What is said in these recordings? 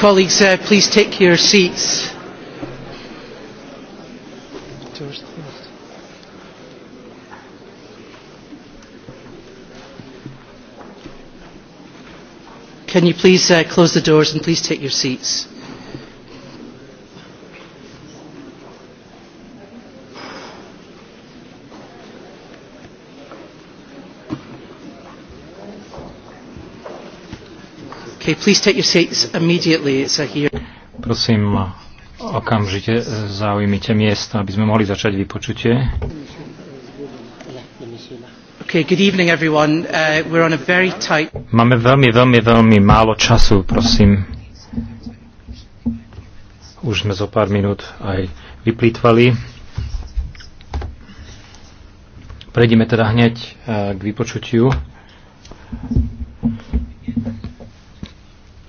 Colleagues, uh, please take your seats. Can you please uh, close the doors and please take your seats? Okay, please take your seats immediately. It's a Prosím, okamžite zaujímite miesta, aby sme mohli začať vypočutie. Okay, good evening everyone. Uh, we're on a very tight... Máme veľmi, veľmi, veľmi málo času, prosím. Už sme zo pár minút aj vyplýtvali. Prejdeme teda hneď uh, k vypočutiu.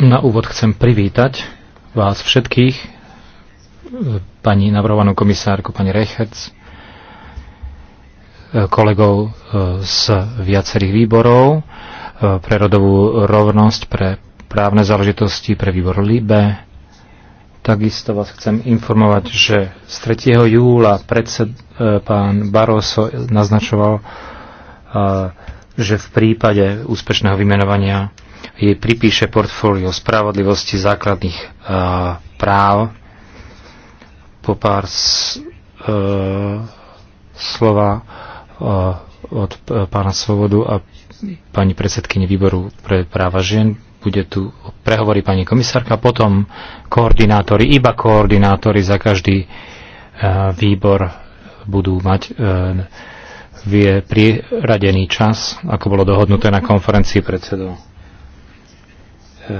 Na úvod chcem privítať vás všetkých, e, pani navrhovanú komisárku, pani Rechec, e, kolegov e, z viacerých výborov, pre rodovú rovnosť, pre právne záležitosti, pre výbor LIBE. Takisto vás chcem informovať, že z 3. júla predsed, pán Barroso naznačoval, že v prípade úspešného vymenovania jej pripíše portfólio spravodlivosti základných e, práv. Po pár e, slova e, od pána Svobodu a pani predsedkyni výboru pre práva žien. Bude tu prehovorí pani komisárka, potom koordinátori, iba koordinátori za každý výbor budú mať vie priradený čas, ako bolo dohodnuté na konferencii predsedov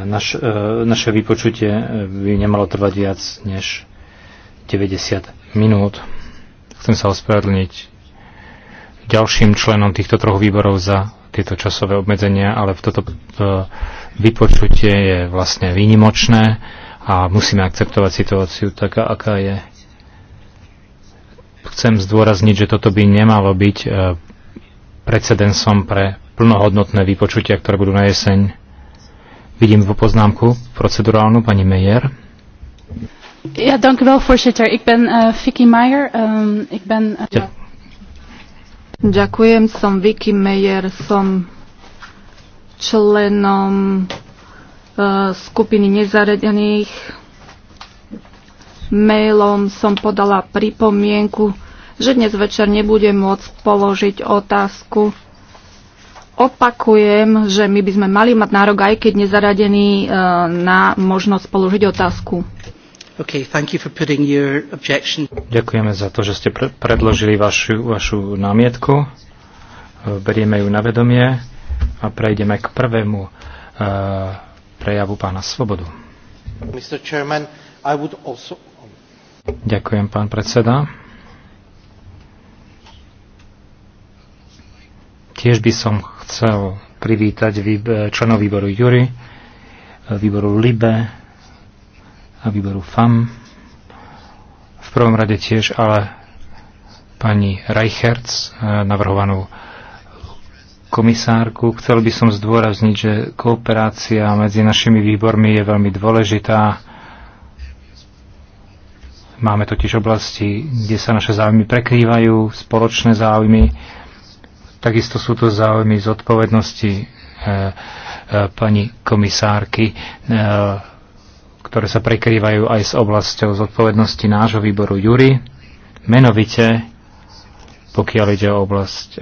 naš, e, naše vypočutie by nemalo trvať viac než 90 minút. Chcem sa ospravedlniť ďalším členom týchto troch výborov za tieto časové obmedzenia, ale toto e, vypočutie je vlastne výnimočné a musíme akceptovať situáciu taká, aká je. Chcem zdôrazniť, že toto by nemalo byť e, precedensom pre plnohodnotné vypočutia, ktoré budú na jeseň Vidím vo poznámku procedurálnu pani Meyer. Ja, dank u wel, voorzitter. Ik ben uh, Vicky Meyer. Um, ik ben, uh... ja. Ďakujem, som Vicky Meyer, som členom uh, skupiny nezaredených. Mailom som podala pripomienku, že dnes večer nebudem môcť položiť otázku opakujem, že my by sme mali mať nárok, aj keď nezaradený, e, na možnosť položiť otázku. Okay, thank you for putting your objection. Ďakujeme za to, že ste pre- predložili vašu, vašu námietku. E, berieme ju na vedomie a prejdeme k prvému uh, prejavu pána Svobodu. Mr. Chairman, I would also... Ďakujem, pán predseda. Tiež by som chcel privítať členov výboru Jury, výboru Libe a výboru FAM. V prvom rade tiež ale pani Reichertz, eh, navrhovanú komisárku. Chcel by som zdôrazniť, že kooperácia medzi našimi výbormi je veľmi dôležitá. Máme totiž oblasti, kde sa naše záujmy prekrývajú, spoločné záujmy Takisto sú to záujmy zodpovednosti e, e, pani komisárky, e, ktoré sa prekrývajú aj s oblasťou zodpovednosti nášho výboru Jury, menovite pokiaľ ide o oblasť e, e,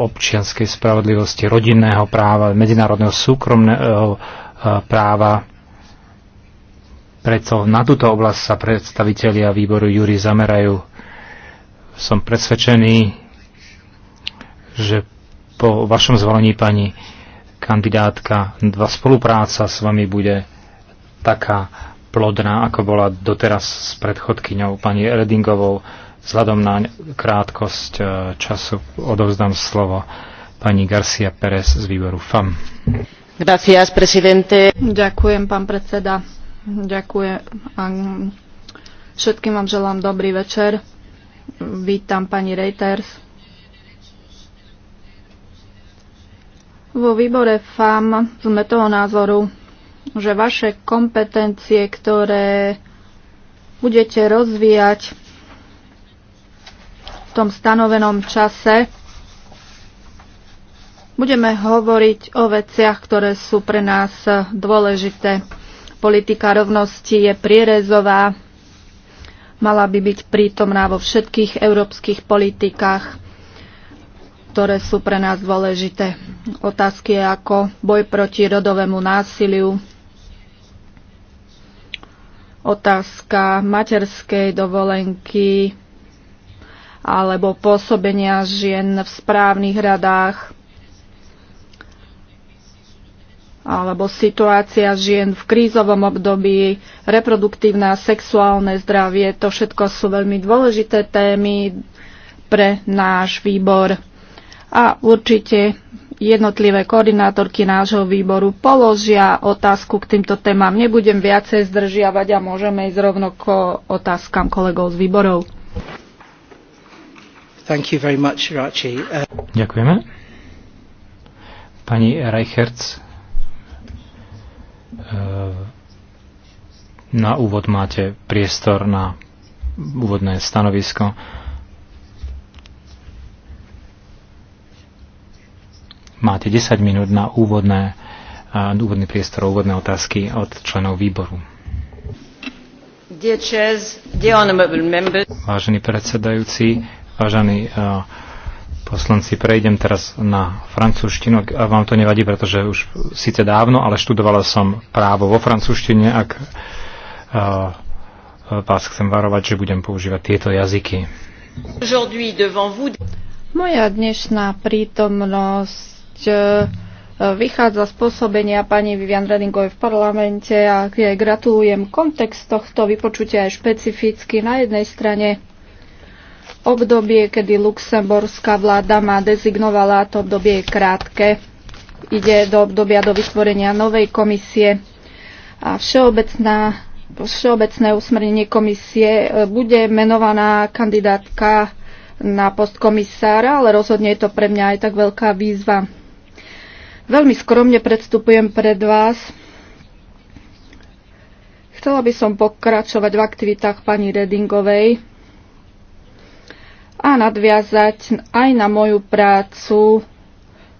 občianskej spravodlivosti, rodinného práva, medzinárodného súkromného e, práva. Preto na túto oblasť sa predstavitelia výboru jury zamerajú. Som presvedčený, že po vašom zvolení pani kandidátka dva spolupráca s vami bude taká plodná, ako bola doteraz s predchodkyňou pani Redingovou. Vzhľadom na krátkosť e, času odovzdám slovo pani Garcia Pérez z výboru FAM. Gracias, presidente. Ďakujem, pán predseda. Ďakujem. Všetkým vám želám dobrý večer. Vítam pani Reiters Vo výbore FAM sme toho názoru, že vaše kompetencie, ktoré budete rozvíjať v tom stanovenom čase, budeme hovoriť o veciach, ktoré sú pre nás dôležité. Politika rovnosti je prierezová, mala by byť prítomná vo všetkých európskych politikách ktoré sú pre nás dôležité. Otázky ako boj proti rodovému násiliu, otázka materskej dovolenky alebo pôsobenia žien v správnych radách alebo situácia žien v krízovom období, reproduktívne a sexuálne zdravie. To všetko sú veľmi dôležité témy pre náš výbor a určite jednotlivé koordinátorky nášho výboru položia otázku k týmto témam. Nebudem viacej zdržiavať a môžeme ísť rovno k otázkam kolegov z výborov. Thank you very much, Rachi. Uh... Ďakujeme. Pani Reichertz, uh, na úvod máte priestor na úvodné stanovisko. Máte 10 minút na úvodné, uh, úvodný priestor, úvodné otázky od členov výboru. Vážený predsedajúci, vážení uh, poslanci, prejdem teraz na francúzštinu, a vám to nevadí, pretože už síce dávno, ale študovala som právo vo francúzštine, ak uh, vás chcem varovať, že budem používať tieto jazyky. Moja dnešná prítomnosť E, e, vychádza z pôsobenia pani Vivian Redingovej v parlamente a jej gratulujem. Kontext tohto vypočutia aj špecificky. Na jednej strane obdobie, kedy luxemburská vláda ma dezignovala, to obdobie je krátke. Ide do obdobia do vytvorenia novej komisie a všeobecná, všeobecné usmernenie komisie e, bude menovaná kandidátka na post komisára, ale rozhodne je to pre mňa aj tak veľká výzva Veľmi skromne predstupujem pred vás. Chcela by som pokračovať v aktivitách pani Redingovej a nadviazať aj na moju prácu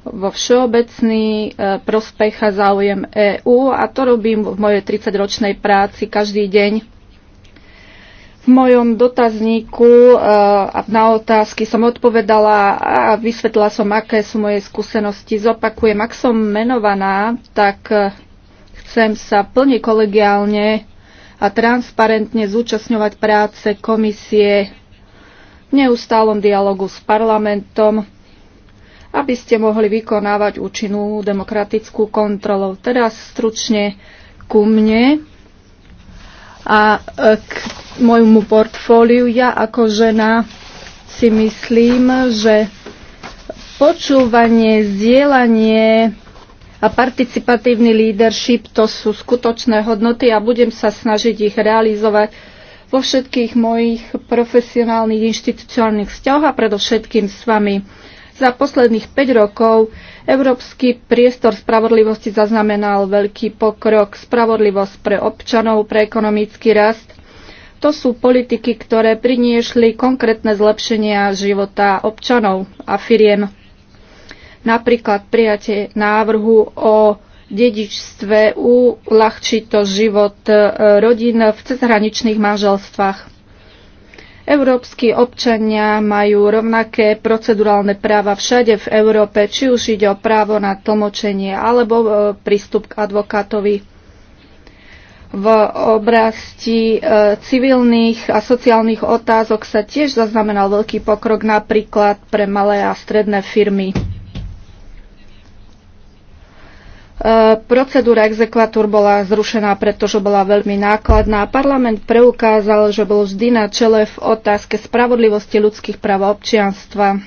vo všeobecný e, prospech a záujem EÚ a to robím v mojej 30-ročnej práci každý deň. V mojom dotazníku eh, a na otázky som odpovedala a vysvetlila som, aké sú moje skúsenosti. Zopakujem, ak som menovaná, tak eh, chcem sa plne kolegiálne a transparentne zúčastňovať práce komisie v neustálom dialogu s parlamentom, aby ste mohli vykonávať účinnú demokratickú kontrolu. Teraz stručne ku mne a eh, k môjmu portfóliu. Ja ako žena si myslím, že počúvanie, zdieľanie a participatívny leadership to sú skutočné hodnoty a budem sa snažiť ich realizovať vo všetkých mojich profesionálnych inštitucionálnych vzťahoch a predovšetkým s vami. Za posledných 5 rokov európsky priestor spravodlivosti zaznamenal veľký pokrok. Spravodlivosť pre občanov, pre ekonomický rast to sú politiky, ktoré priniešli konkrétne zlepšenia života občanov a firiem. Napríklad prijatie návrhu o dedičstve uľahčí to život e, rodín v cezhraničných manželstvách. Európsky občania majú rovnaké procedurálne práva všade v Európe, či už ide o právo na tlmočenie alebo e, prístup k advokátovi v oblasti e, civilných a sociálnych otázok sa tiež zaznamenal veľký pokrok napríklad pre malé a stredné firmy. E, procedúra exekvatúr bola zrušená, pretože bola veľmi nákladná. Parlament preukázal, že bol vždy na čele v otázke spravodlivosti ľudských práv a občianstva.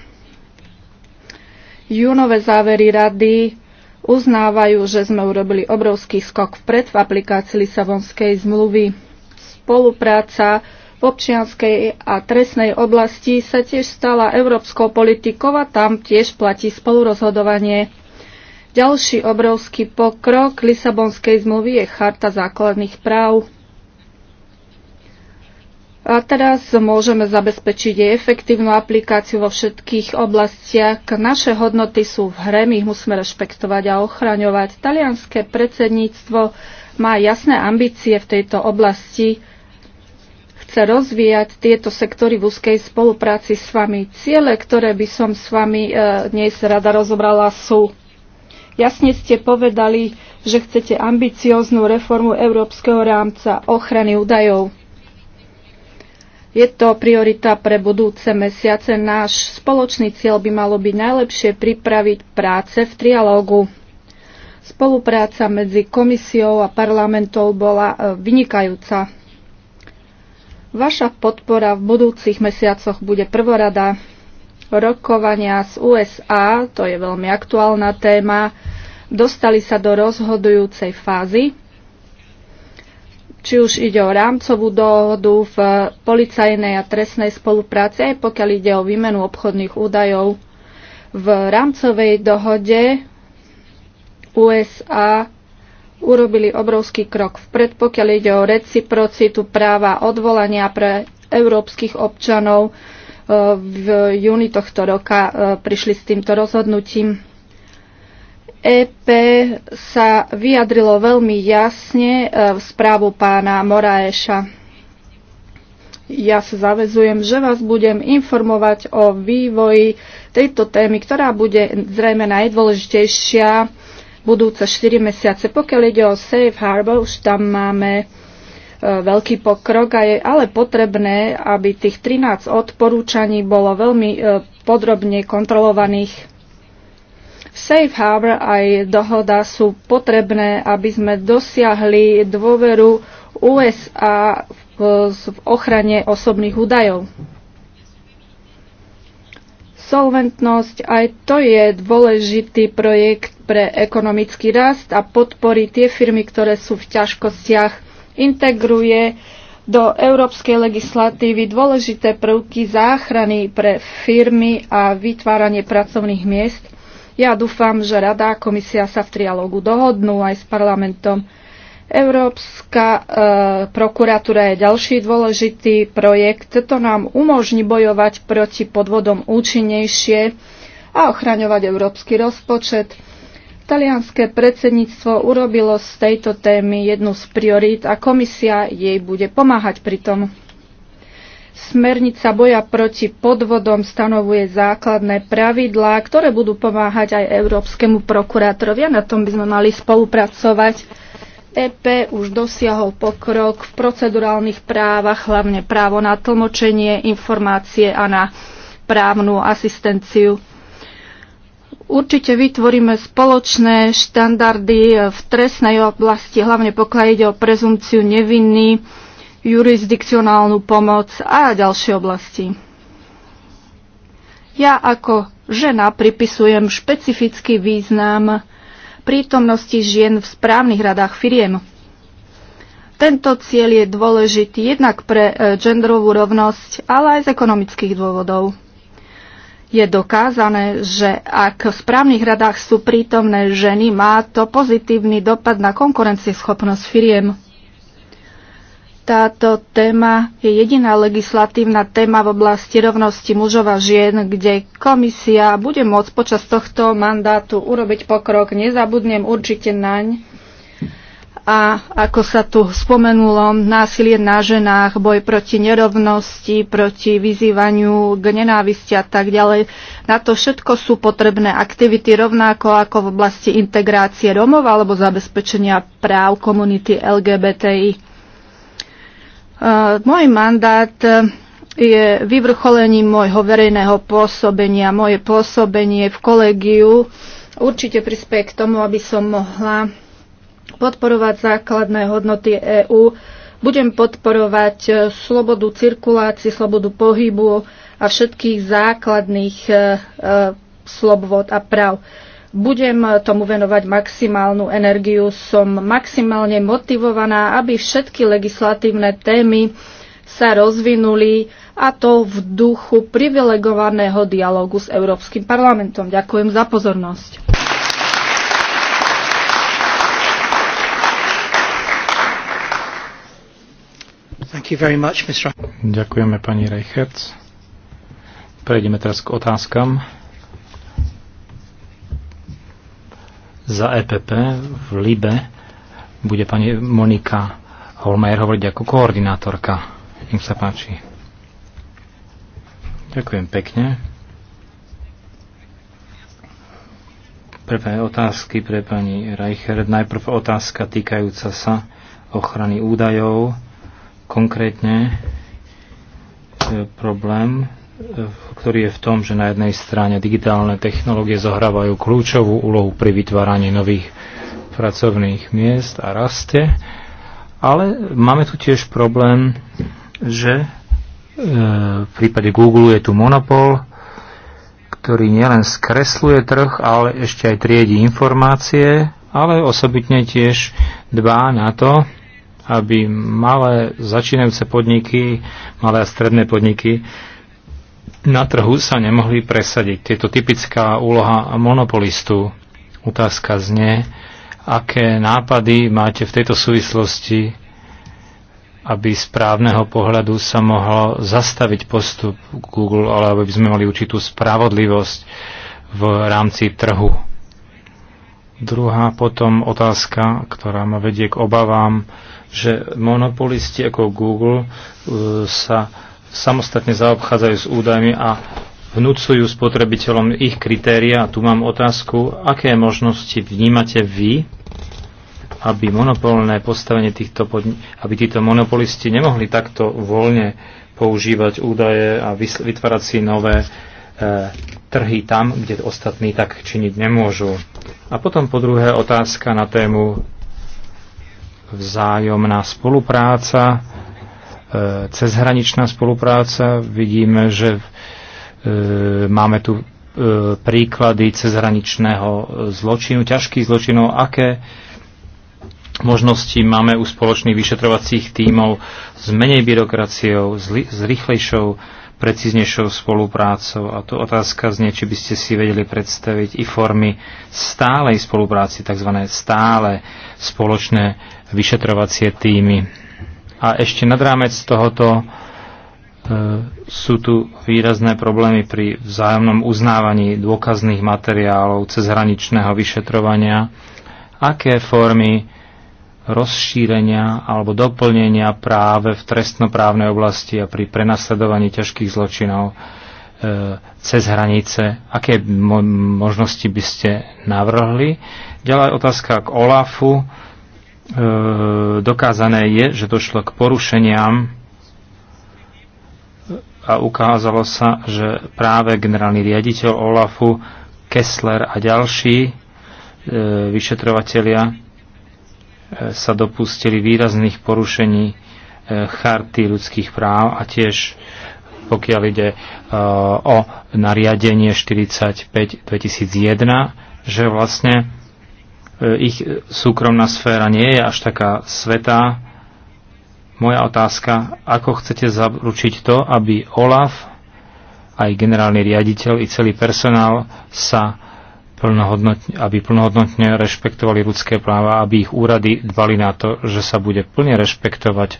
Júnové závery rady uznávajú, že sme urobili obrovský skok vpred v aplikácii Lisabonskej zmluvy. Spolupráca v občianskej a trestnej oblasti sa tiež stala európskou politikou a tam tiež platí spolurozhodovanie. Ďalší obrovský pokrok Lisabonskej zmluvy je Charta základných práv. A teraz môžeme zabezpečiť jej efektívnu aplikáciu vo všetkých oblastiach. Naše hodnoty sú v hre, my ich musíme rešpektovať a ochraňovať. Talianské predsedníctvo má jasné ambície v tejto oblasti. Chce rozvíjať tieto sektory v úzkej spolupráci s vami. Ciele, ktoré by som s vami e, dnes rada rozobrala, sú Jasne ste povedali, že chcete ambicióznu reformu európskeho rámca ochrany údajov je to priorita pre budúce mesiace. Náš spoločný cieľ by malo byť najlepšie pripraviť práce v trialógu. Spolupráca medzi komisiou a parlamentou bola e, vynikajúca. Vaša podpora v budúcich mesiacoch bude prvorada. Rokovania z USA, to je veľmi aktuálna téma, dostali sa do rozhodujúcej fázy či už ide o rámcovú dohodu v policajnej a trestnej spolupráci, aj pokiaľ ide o výmenu obchodných údajov. V rámcovej dohode USA urobili obrovský krok vpred, pokiaľ ide o reciprocitu práva odvolania pre európskych občanov. E, v júni tohto roka e, prišli s týmto rozhodnutím. EP sa vyjadrilo veľmi jasne e, v správu pána Moraeša. Ja sa zavezujem, že vás budem informovať o vývoji tejto témy, ktorá bude zrejme najdôležitejšia budúce 4 mesiace. Pokiaľ ide o Safe Harbor, už tam máme e, veľký pokrok a je ale potrebné, aby tých 13 odporúčaní bolo veľmi e, podrobne kontrolovaných Safe Harbor aj dohoda sú potrebné, aby sme dosiahli dôveru USA v, v ochrane osobných údajov. Solventnosť aj to je dôležitý projekt pre ekonomický rast a podporí tie firmy, ktoré sú v ťažkostiach. Integruje do európskej legislatívy dôležité prvky záchrany pre firmy a vytváranie pracovných miest ja dúfam, že Rada a komisia sa v trialógu dohodnú aj s parlamentom. Európska e, prokuratúra je ďalší dôležitý projekt. To nám umožní bojovať proti podvodom účinnejšie a ochraňovať európsky rozpočet. Talianské predsedníctvo urobilo z tejto témy jednu z priorít a komisia jej bude pomáhať pri tom. Smernica boja proti podvodom stanovuje základné pravidlá, ktoré budú pomáhať aj Európskemu prokurátorovi a na tom by sme mali spolupracovať. EP už dosiahol pokrok v procedurálnych právach, hlavne právo na tlmočenie informácie a na právnu asistenciu. Určite vytvoríme spoločné štandardy v trestnej oblasti, hlavne pokiaľ ide o prezumciu neviny, jurisdikcionálnu pomoc a ďalšie oblasti. Ja ako žena pripisujem špecifický význam prítomnosti žien v správnych radách firiem. Tento cieľ je dôležitý jednak pre e, genderovú rovnosť, ale aj z ekonomických dôvodov. Je dokázané, že ak v správnych radách sú prítomné ženy, má to pozitívny dopad na konkurencieschopnosť firiem. Táto téma je jediná legislatívna téma v oblasti rovnosti mužov a žien, kde komisia bude môcť počas tohto mandátu urobiť pokrok. Nezabudnem určite naň. A ako sa tu spomenulo, násilie na ženách, boj proti nerovnosti, proti vyzývaniu k nenávisti a tak ďalej. Na to všetko sú potrebné aktivity rovnako ako v oblasti integrácie Romov alebo zabezpečenia práv komunity LGBTI. Môj mandát e, je vyvrcholením môjho verejného pôsobenia. Moje pôsobenie v kolegiu určite prispie k tomu, aby som mohla podporovať základné hodnoty EÚ. Budem podporovať e, slobodu cirkulácie, slobodu pohybu a všetkých základných e, slobod a práv budem tomu venovať maximálnu energiu. Som maximálne motivovaná, aby všetky legislatívne témy sa rozvinuli a to v duchu privilegovaného dialogu s Európskym parlamentom. Ďakujem za pozornosť. Thank you very much, Ďakujeme pani Reichertz. Prejdeme teraz k otázkam. za EPP v Libe bude pani Monika Holmajer hovoriť ako koordinátorka. Nech sa páči. Ďakujem pekne. Prvé otázky pre pani Reichert. Najprv otázka týkajúca sa ochrany údajov, konkrétne e, problém ktorý je v tom, že na jednej strane digitálne technológie zohrávajú kľúčovú úlohu pri vytváraní nových pracovných miest a raste, ale máme tu tiež problém, že e, v prípade Google je tu monopol, ktorý nielen skresluje trh, ale ešte aj triedi informácie, ale osobitne tiež dbá na to, aby malé začínajúce podniky, malé a stredné podniky na trhu sa nemohli presadiť. Je to typická úloha monopolistu. Otázka znie, aké nápady máte v tejto súvislosti, aby z právneho pohľadu sa mohlo zastaviť postup Google, ale aby sme mali určitú spravodlivosť v rámci trhu. Druhá potom otázka, ktorá ma vedie k obavám, že monopolisti ako Google e, sa samostatne zaobchádzajú s údajmi a vnúcujú spotrebiteľom ich kritéria. A tu mám otázku, aké možnosti vnímate vy, aby monopolné postavenie týchto podni- aby títo monopolisti nemohli takto voľne používať údaje a vytvárať si nové e, trhy tam, kde ostatní tak činiť nemôžu. A potom po druhé otázka na tému vzájomná spolupráca E, cezhraničná spolupráca. Vidíme, že e, máme tu e, príklady cezhraničného zločinu, ťažkých zločinov, aké možnosti máme u spoločných vyšetrovacích tímov s menej byrokraciou, s rýchlejšou, precíznejšou spoluprácou. A tu otázka znie, či by ste si vedeli predstaviť i formy stálej spolupráci, tzv. stále spoločné vyšetrovacie týmy a ešte nad rámec tohoto e, sú tu výrazné problémy pri vzájomnom uznávaní dôkazných materiálov cezhraničného vyšetrovania, aké formy rozšírenia alebo doplnenia práve v trestnoprávnej oblasti a pri prenasledovaní ťažkých zločinov e, cez hranice, aké mo- možnosti by ste navrhli. Ďalej otázka k OLAFu E, dokázané je, že došlo k porušeniam a ukázalo sa, že práve generálny riaditeľ Olafu, Kessler a ďalší e, vyšetrovatelia e, sa dopustili výrazných porušení e, charty ľudských práv a tiež pokiaľ ide e, o nariadenie 45 2001, že vlastne E, ich súkromná sféra nie je až taká svetá. Moja otázka, ako chcete zaručiť to, aby OLAF, aj generálny riaditeľ, i celý personál sa plnohodnotne, aby plnohodnotne rešpektovali ľudské práva, aby ich úrady dbali na to, že sa bude plne rešpektovať, e,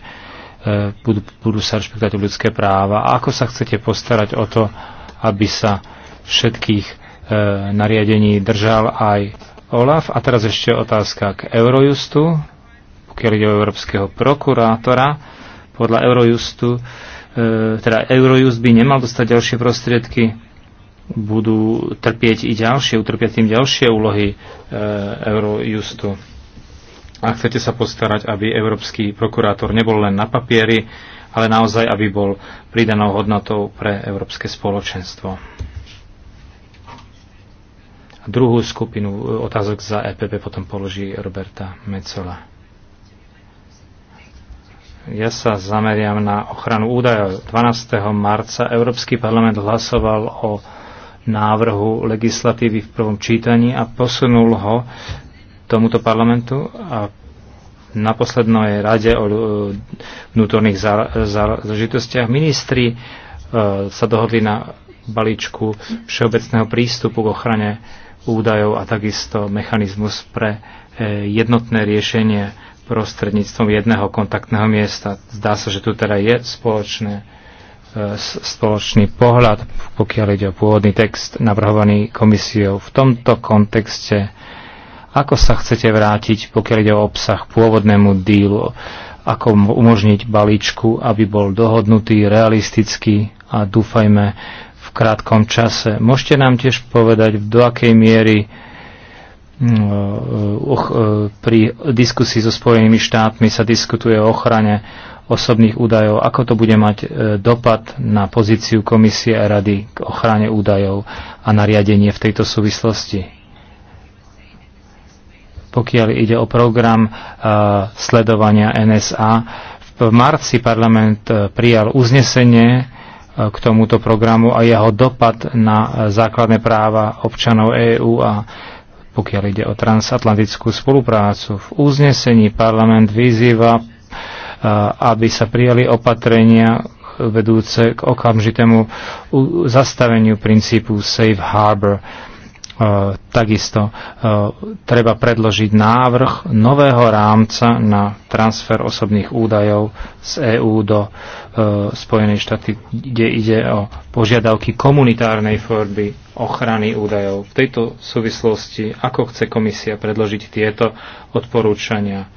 budú, budú sa rešpektovať ľudské práva. A ako sa chcete postarať o to, aby sa všetkých e, nariadení držal aj OLAF. A teraz ešte otázka k Eurojustu, pokiaľ ide o európskeho prokurátora. Podľa Eurojustu, e, teda Eurojust by nemal dostať ďalšie prostriedky, budú trpieť i ďalšie, utrpia tým ďalšie úlohy e, Eurojustu. A chcete sa postarať, aby európsky prokurátor nebol len na papieri, ale naozaj, aby bol pridanou hodnotou pre európske spoločenstvo. Druhú skupinu otázok za EPP potom položí Roberta Mecola. Ja sa zameriam na ochranu údajov. 12. marca Európsky parlament hlasoval o návrhu legislatívy v prvom čítaní a posunul ho tomuto parlamentu a na poslednej rade o vnútorných záležitostiach ministri e, sa dohodli na balíčku všeobecného prístupu k ochrane údajov a takisto mechanizmus pre e, jednotné riešenie prostredníctvom jedného kontaktného miesta. Zdá sa, že tu teda je spoločné, e, spoločný pohľad, pokiaľ ide o pôvodný text navrhovaný komisiou. V tomto kontexte, ako sa chcete vrátiť, pokiaľ ide o obsah pôvodnému dílu, ako umožniť balíčku, aby bol dohodnutý, realistický a dúfajme krátkom čase. Môžete nám tiež povedať, do akej miery mm, e, e, pri diskusii so Spojenými štátmi sa diskutuje o ochrane osobných údajov, ako to bude mať e, dopad na pozíciu komisie a rady k ochrane údajov a nariadenie v tejto súvislosti. Pokiaľ ide o program sledovania NSA, v marci parlament prijal uznesenie, k tomuto programu a jeho dopad na základné práva občanov EÚ a pokiaľ ide o transatlantickú spoluprácu. V uznesení parlament vyzýva, e, aby sa prijali opatrenia vedúce k okamžitému zastaveniu princípu Safe Harbor E, takisto e, treba predložiť návrh nového rámca na transfer osobných údajov z EÚ do e, Spojených štáty, kde ide o požiadavky komunitárnej formy ochrany údajov. V tejto súvislosti, ako chce komisia predložiť tieto odporúčania?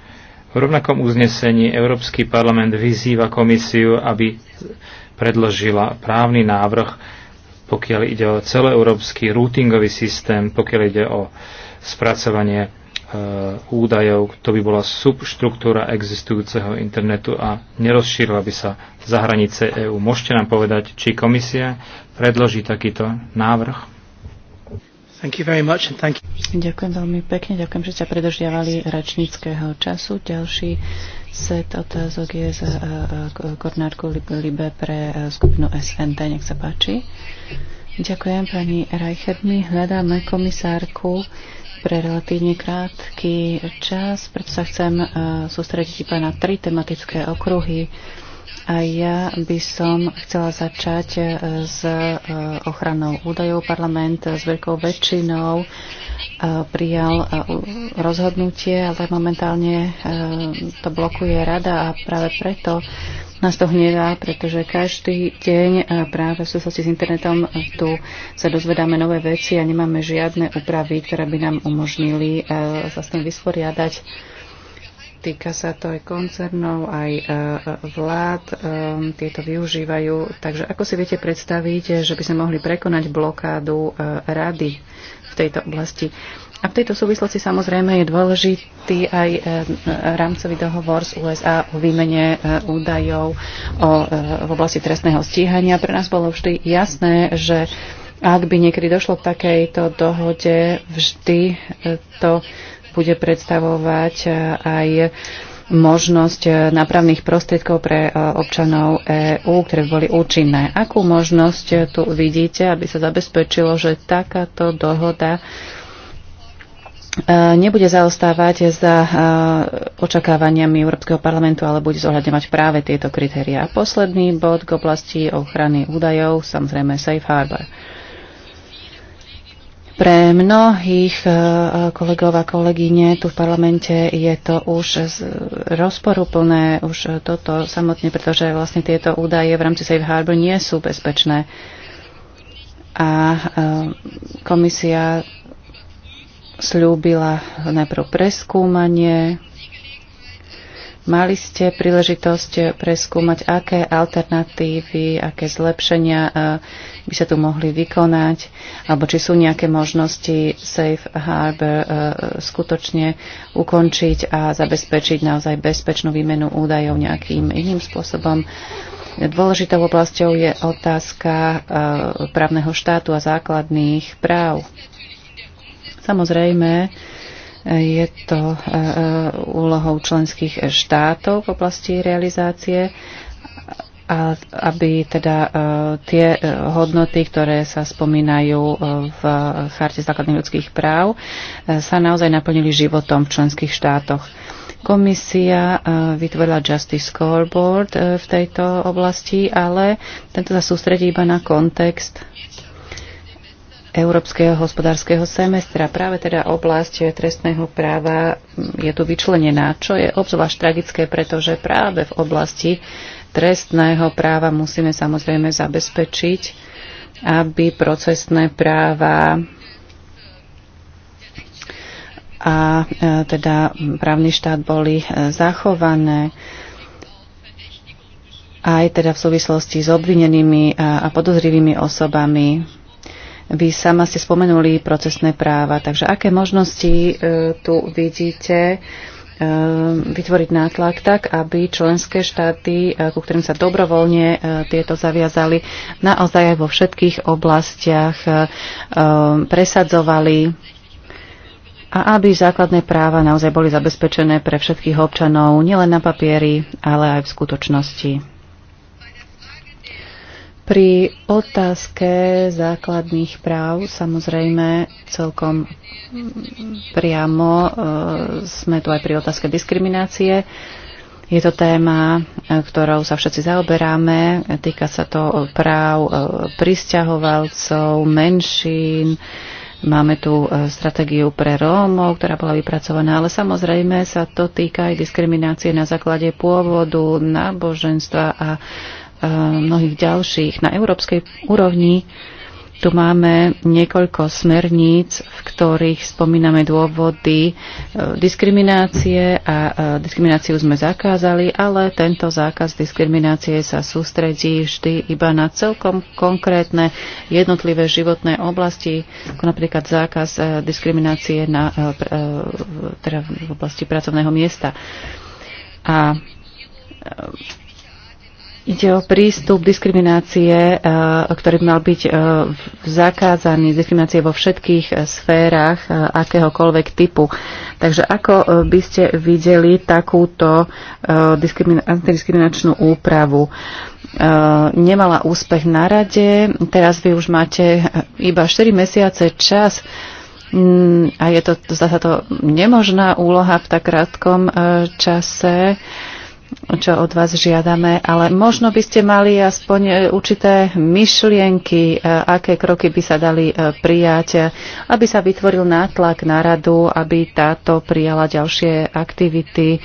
V rovnakom uznesení Európsky parlament vyzýva komisiu, aby predložila právny návrh pokiaľ ide o celoeurópsky routingový systém, pokiaľ ide o spracovanie e, údajov, to by bola subštruktúra existujúceho internetu a nerozšírila by sa za hranice EÚ. Môžete nám povedať, či komisia predloží takýto návrh? Ďakujem veľmi pekne, ďakujem, že ste predržiavali račníckého času. Ďalší set otázok je z eh, eh, koordinátku Libe pre eh, skupinu SND. Nech sa páči. Ďakujem pani Reichert. My hľadáme komisárku pre relatívne krátky čas, preto sa chcem sústrediť iba na tri tematické okruhy. A ja by som chcela začať eh, s eh, ochranou údajov. Parlament eh, s veľkou väčšinou prijal rozhodnutie, ale momentálne to blokuje rada a práve preto nás to hnevá, pretože každý deň práve v súvislosti s internetom tu sa dozvedáme nové veci a nemáme žiadne úpravy, ktoré by nám umožnili sa s tým vysporiadať. Týka sa to aj koncernov, aj e, vlád, e, tieto využívajú. Takže ako si viete predstaviť, že by sme mohli prekonať blokádu e, rady v tejto oblasti? A v tejto súvislosti samozrejme je dôležitý aj rámcový dohovor z USA o výmene údajov o, v oblasti trestného stíhania. Pre nás bolo vždy jasné, že ak by niekedy došlo k takejto dohode, vždy to bude predstavovať e, aj možnosť e, nápravných prostriedkov pre e, občanov EÚ, ktoré boli účinné. Akú možnosť tu vidíte, aby sa zabezpečilo, že takáto dohoda nebude zaostávať za očakávaniami Európskeho parlamentu, ale bude zohľadňovať práve tieto kritéria. Posledný bod k oblasti ochrany údajov, samozrejme Safe Harbor. Pre mnohých e, e, kolegov a kolegyne tu v parlamente je to už rozporuplné, už toto samotne, pretože vlastne tieto údaje v rámci Safe Harbor nie sú bezpečné. A e, komisia slúbila najprv preskúmanie. Mali ste príležitosť preskúmať, aké alternatívy, aké zlepšenia by sa tu mohli vykonať, alebo či sú nejaké možnosti Safe Harbor e, skutočne ukončiť a zabezpečiť naozaj bezpečnú výmenu údajov nejakým iným spôsobom. Dôležitou oblasťou je otázka e, právneho štátu a základných práv. Samozrejme, je to e, úlohou členských štátov v oblasti realizácie, a aby teda e, tie e, hodnoty, ktoré sa spomínajú e, v Charte základných ľudských práv, sa naozaj naplnili životom v členských štátoch. Komisia vytvorila Justice Scoreboard v tejto oblasti, ale tento sa sústredí iba na kontext Európskeho hospodárskeho semestra. Práve teda oblasť trestného práva je tu vyčlenená, čo je obzvlášť tragické, pretože práve v oblasti trestného práva musíme samozrejme zabezpečiť, aby procesné práva a e, teda právny štát boli e, zachované aj teda v súvislosti s obvinenými e, a podozrivými osobami. Vy sama ste spomenuli procesné práva, takže aké možnosti tu vidíte? Eh, vytvoriť nátlak tak, aby členské štáty, eh, ku ktorým sa dobrovoľne eh, tieto zaviazali, naozaj aj vo všetkých oblastiach presadzovali a aby základné práva naozaj boli zabezpečené pre všetkých občanov, nielen na papieri, ale aj v skutočnosti. Pri otázke základných práv samozrejme celkom priamo e, sme tu aj pri otázke diskriminácie. Je to téma, e, ktorou sa všetci zaoberáme. Týka sa to práv e, pristahovalcov, menšín. Máme tu stratégiu pre Rómov, ktorá bola vypracovaná, ale samozrejme sa to týka aj diskriminácie na základe pôvodu, náboženstva a Eh, mnohých ďalších. Na európskej úrovni tu máme niekoľko smerníc, v ktorých spomíname dôvody eh, diskriminácie a eh, diskrimináciu sme zakázali, ale tento zákaz diskriminácie sa sústredí vždy iba na celkom konkrétne jednotlivé životné oblasti, ako napríklad zákaz diskriminácie na, teda v oblasti pracovného miesta. A Ide o prístup diskriminácie, e, ktorý by mal byť e, zakázaný, diskriminácie vo všetkých e, sférach akéhokoľvek typu. Takže ako by ste videli takúto antidiskriminačnú úpravu? Nemala úspech na rade, teraz vy už máte iba 4 mesiace čas mm, a je to, zase sa to nemožná úloha v tak krátkom čase čo od vás žiadame, ale možno by ste mali aspoň e, určité myšlienky, e, aké kroky by sa dali e, prijať, aby sa vytvoril nátlak na radu, aby táto prijala ďalšie aktivity,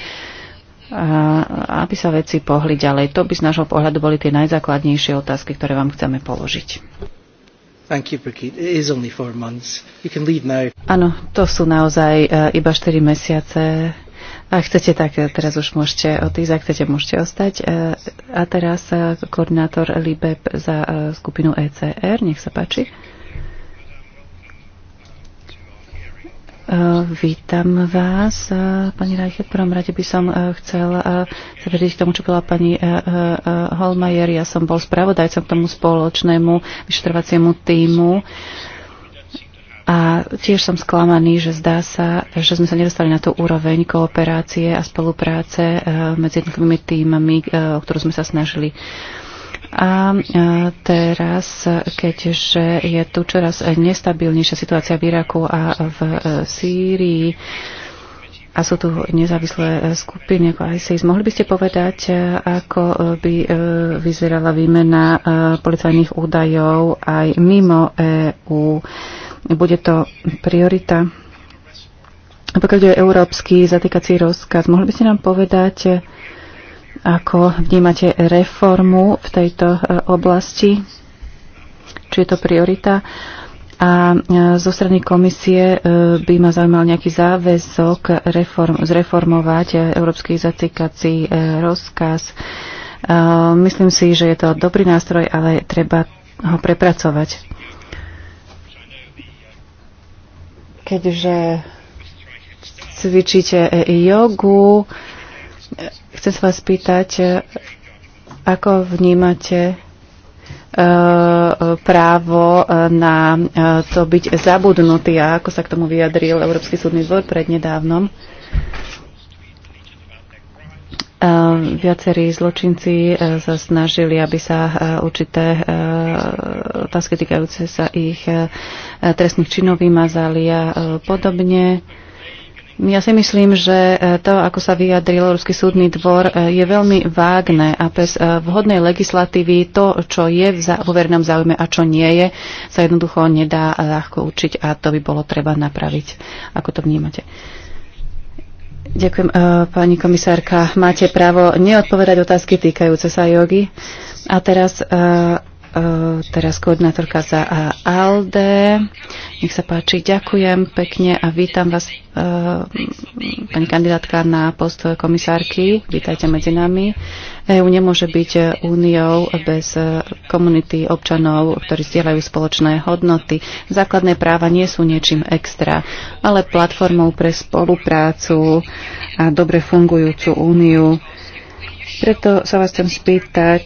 aby sa veci pohli ďalej. To by z nášho pohľadu boli tie najzákladnejšie otázky, ktoré vám chceme položiť. Áno, to sú naozaj iba 4 mesiace ak chcete, tak teraz už môžete odísť, ak chcete, môžete ostať. E, a teraz e, koordinátor LIBEP za e, skupinu ECR, nech sa páči. Vítam vás, pani Rajche. V prvom rade by som chcel sa vedieť k tomu, čo bola pani Holmajer. Ja som bol spravodajcom k tomu spoločnému vyšetrovaciemu týmu a tiež som sklamaný, že zdá sa, že sme sa nedostali na tú úroveň kooperácie a spolupráce e, medzi jednotlivými týmami, e, o ktorú sme sa snažili. A e, teraz, keďže je tu čoraz nestabilnejšia situácia v Iraku a v Sýrii, a sú tu nezávislé skupiny ako ISIS. Mohli by ste povedať, ako by vyzerala výmena policajných údajov aj mimo EÚ? Bude to priorita. A pokiaľ je európsky zatýkací rozkaz, mohli by ste nám povedať, ako vnímate reformu v tejto e, oblasti? Či je to priorita? A e, zo strany komisie e, by ma zaujímal nejaký záväzok reform, zreformovať európsky zatýkací rozkaz. Myslím si, že je to dobrý nástroj, ale treba ho prepracovať. Keďže cvičíte jogu, chcem sa vás pýtať, ako vnímate e, právo e, na e, to byť zabudnutý a ako sa k tomu vyjadril Európsky súdny dvor prednedávnom. Ehm, viacerí zločinci eh, sa snažili, aby sa eh, určité eh, otázky týkajúce sa ich trestných činov vymazali a podobne. Ja si myslím, že to, ako sa vyjadril Ruský súdny dvor, je veľmi vágne a bez vhodnej legislatívy to, čo je vo verejnom záujme a čo nie je, sa jednoducho nedá ľahko učiť a to by bolo treba napraviť. Ako to vnímate? Ďakujem, e, pani komisárka. Máte právo neodpovedať otázky týkajúce sa jogy. A teraz e, Eh, teraz koordinátorka za eh, ALDE. Nech sa páči, ďakujem pekne a vítam vás, eh, pani kandidátka na post komisárky. Vítajte medzi nami. EU nemôže byť úniou bez komunity občanov, ktorí zdieľajú spoločné hodnoty. Základné práva nie sú niečím extra, ale platformou pre spoluprácu a dobre fungujúcu úniu. Preto sa vás chcem spýtať,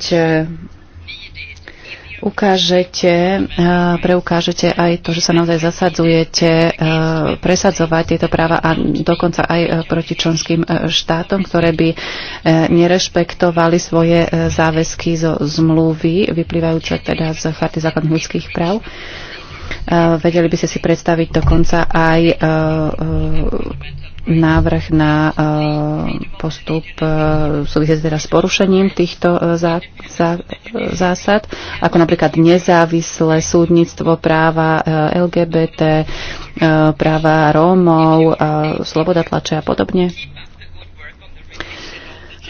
ukážete, preukážete aj to, že sa naozaj zasadzujete presadzovať tieto práva a dokonca aj e, proti členským e, štátom, ktoré by e, nerešpektovali svoje záväzky zo zmluvy, vyplývajúce teda z Charty základných ľudských práv. Vedeli by ste si predstaviť dokonca aj návrh na eh, postup eh, súvisieť teda s porušením týchto eh, zásad, ako napríklad nezávislé súdnictvo práva LGBT, práva Rómov, sloboda tlače a podobne?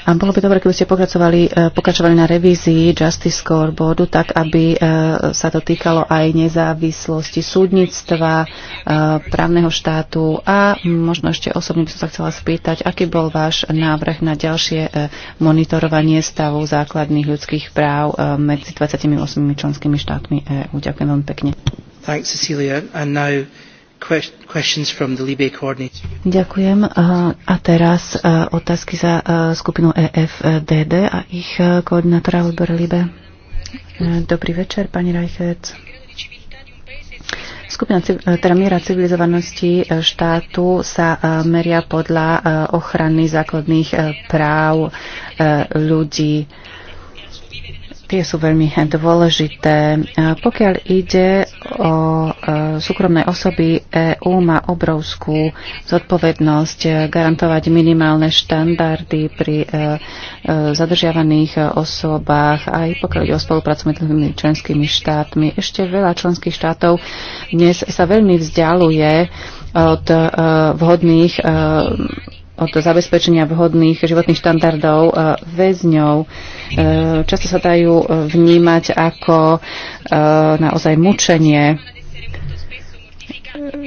A bolo by dobre, keby ste pokračovali, e, pokračovali na revízii Justice Scoreboardu, tak aby e, sa to týkalo aj nezávislosti súdnictva, e, právneho štátu a možno ešte osobne by som sa chcela spýtať, aký bol váš návrh na ďalšie monitorovanie stavu základných ľudských práv medzi 28 členskými štátmi EÚ. Ďakujem veľmi pekne. Thanks, Cecilia. And now Ďakujem. A teraz otázky za skupinu EFDD a ich koordinátora Albert Libe. E, dobrý večer, pani Rajchec. Skupina, e, teda miera civilizovanosti e, štátu sa meria podľa ochrany základných práv ľudí Tie sú veľmi dôležité. Pokiaľ ide o e, súkromné osoby, EÚ má obrovskú zodpovednosť garantovať minimálne štandardy pri e, e, zadržiavaných osobách, aj pokiaľ ide o spoluprácu medzi členskými štátmi. Ešte veľa členských štátov dnes sa veľmi vzdialuje od vhodných od zabezpečenia vhodných životných štandardov e, väzňov. E, často sa dajú e, vnímať ako naozaj mučenie.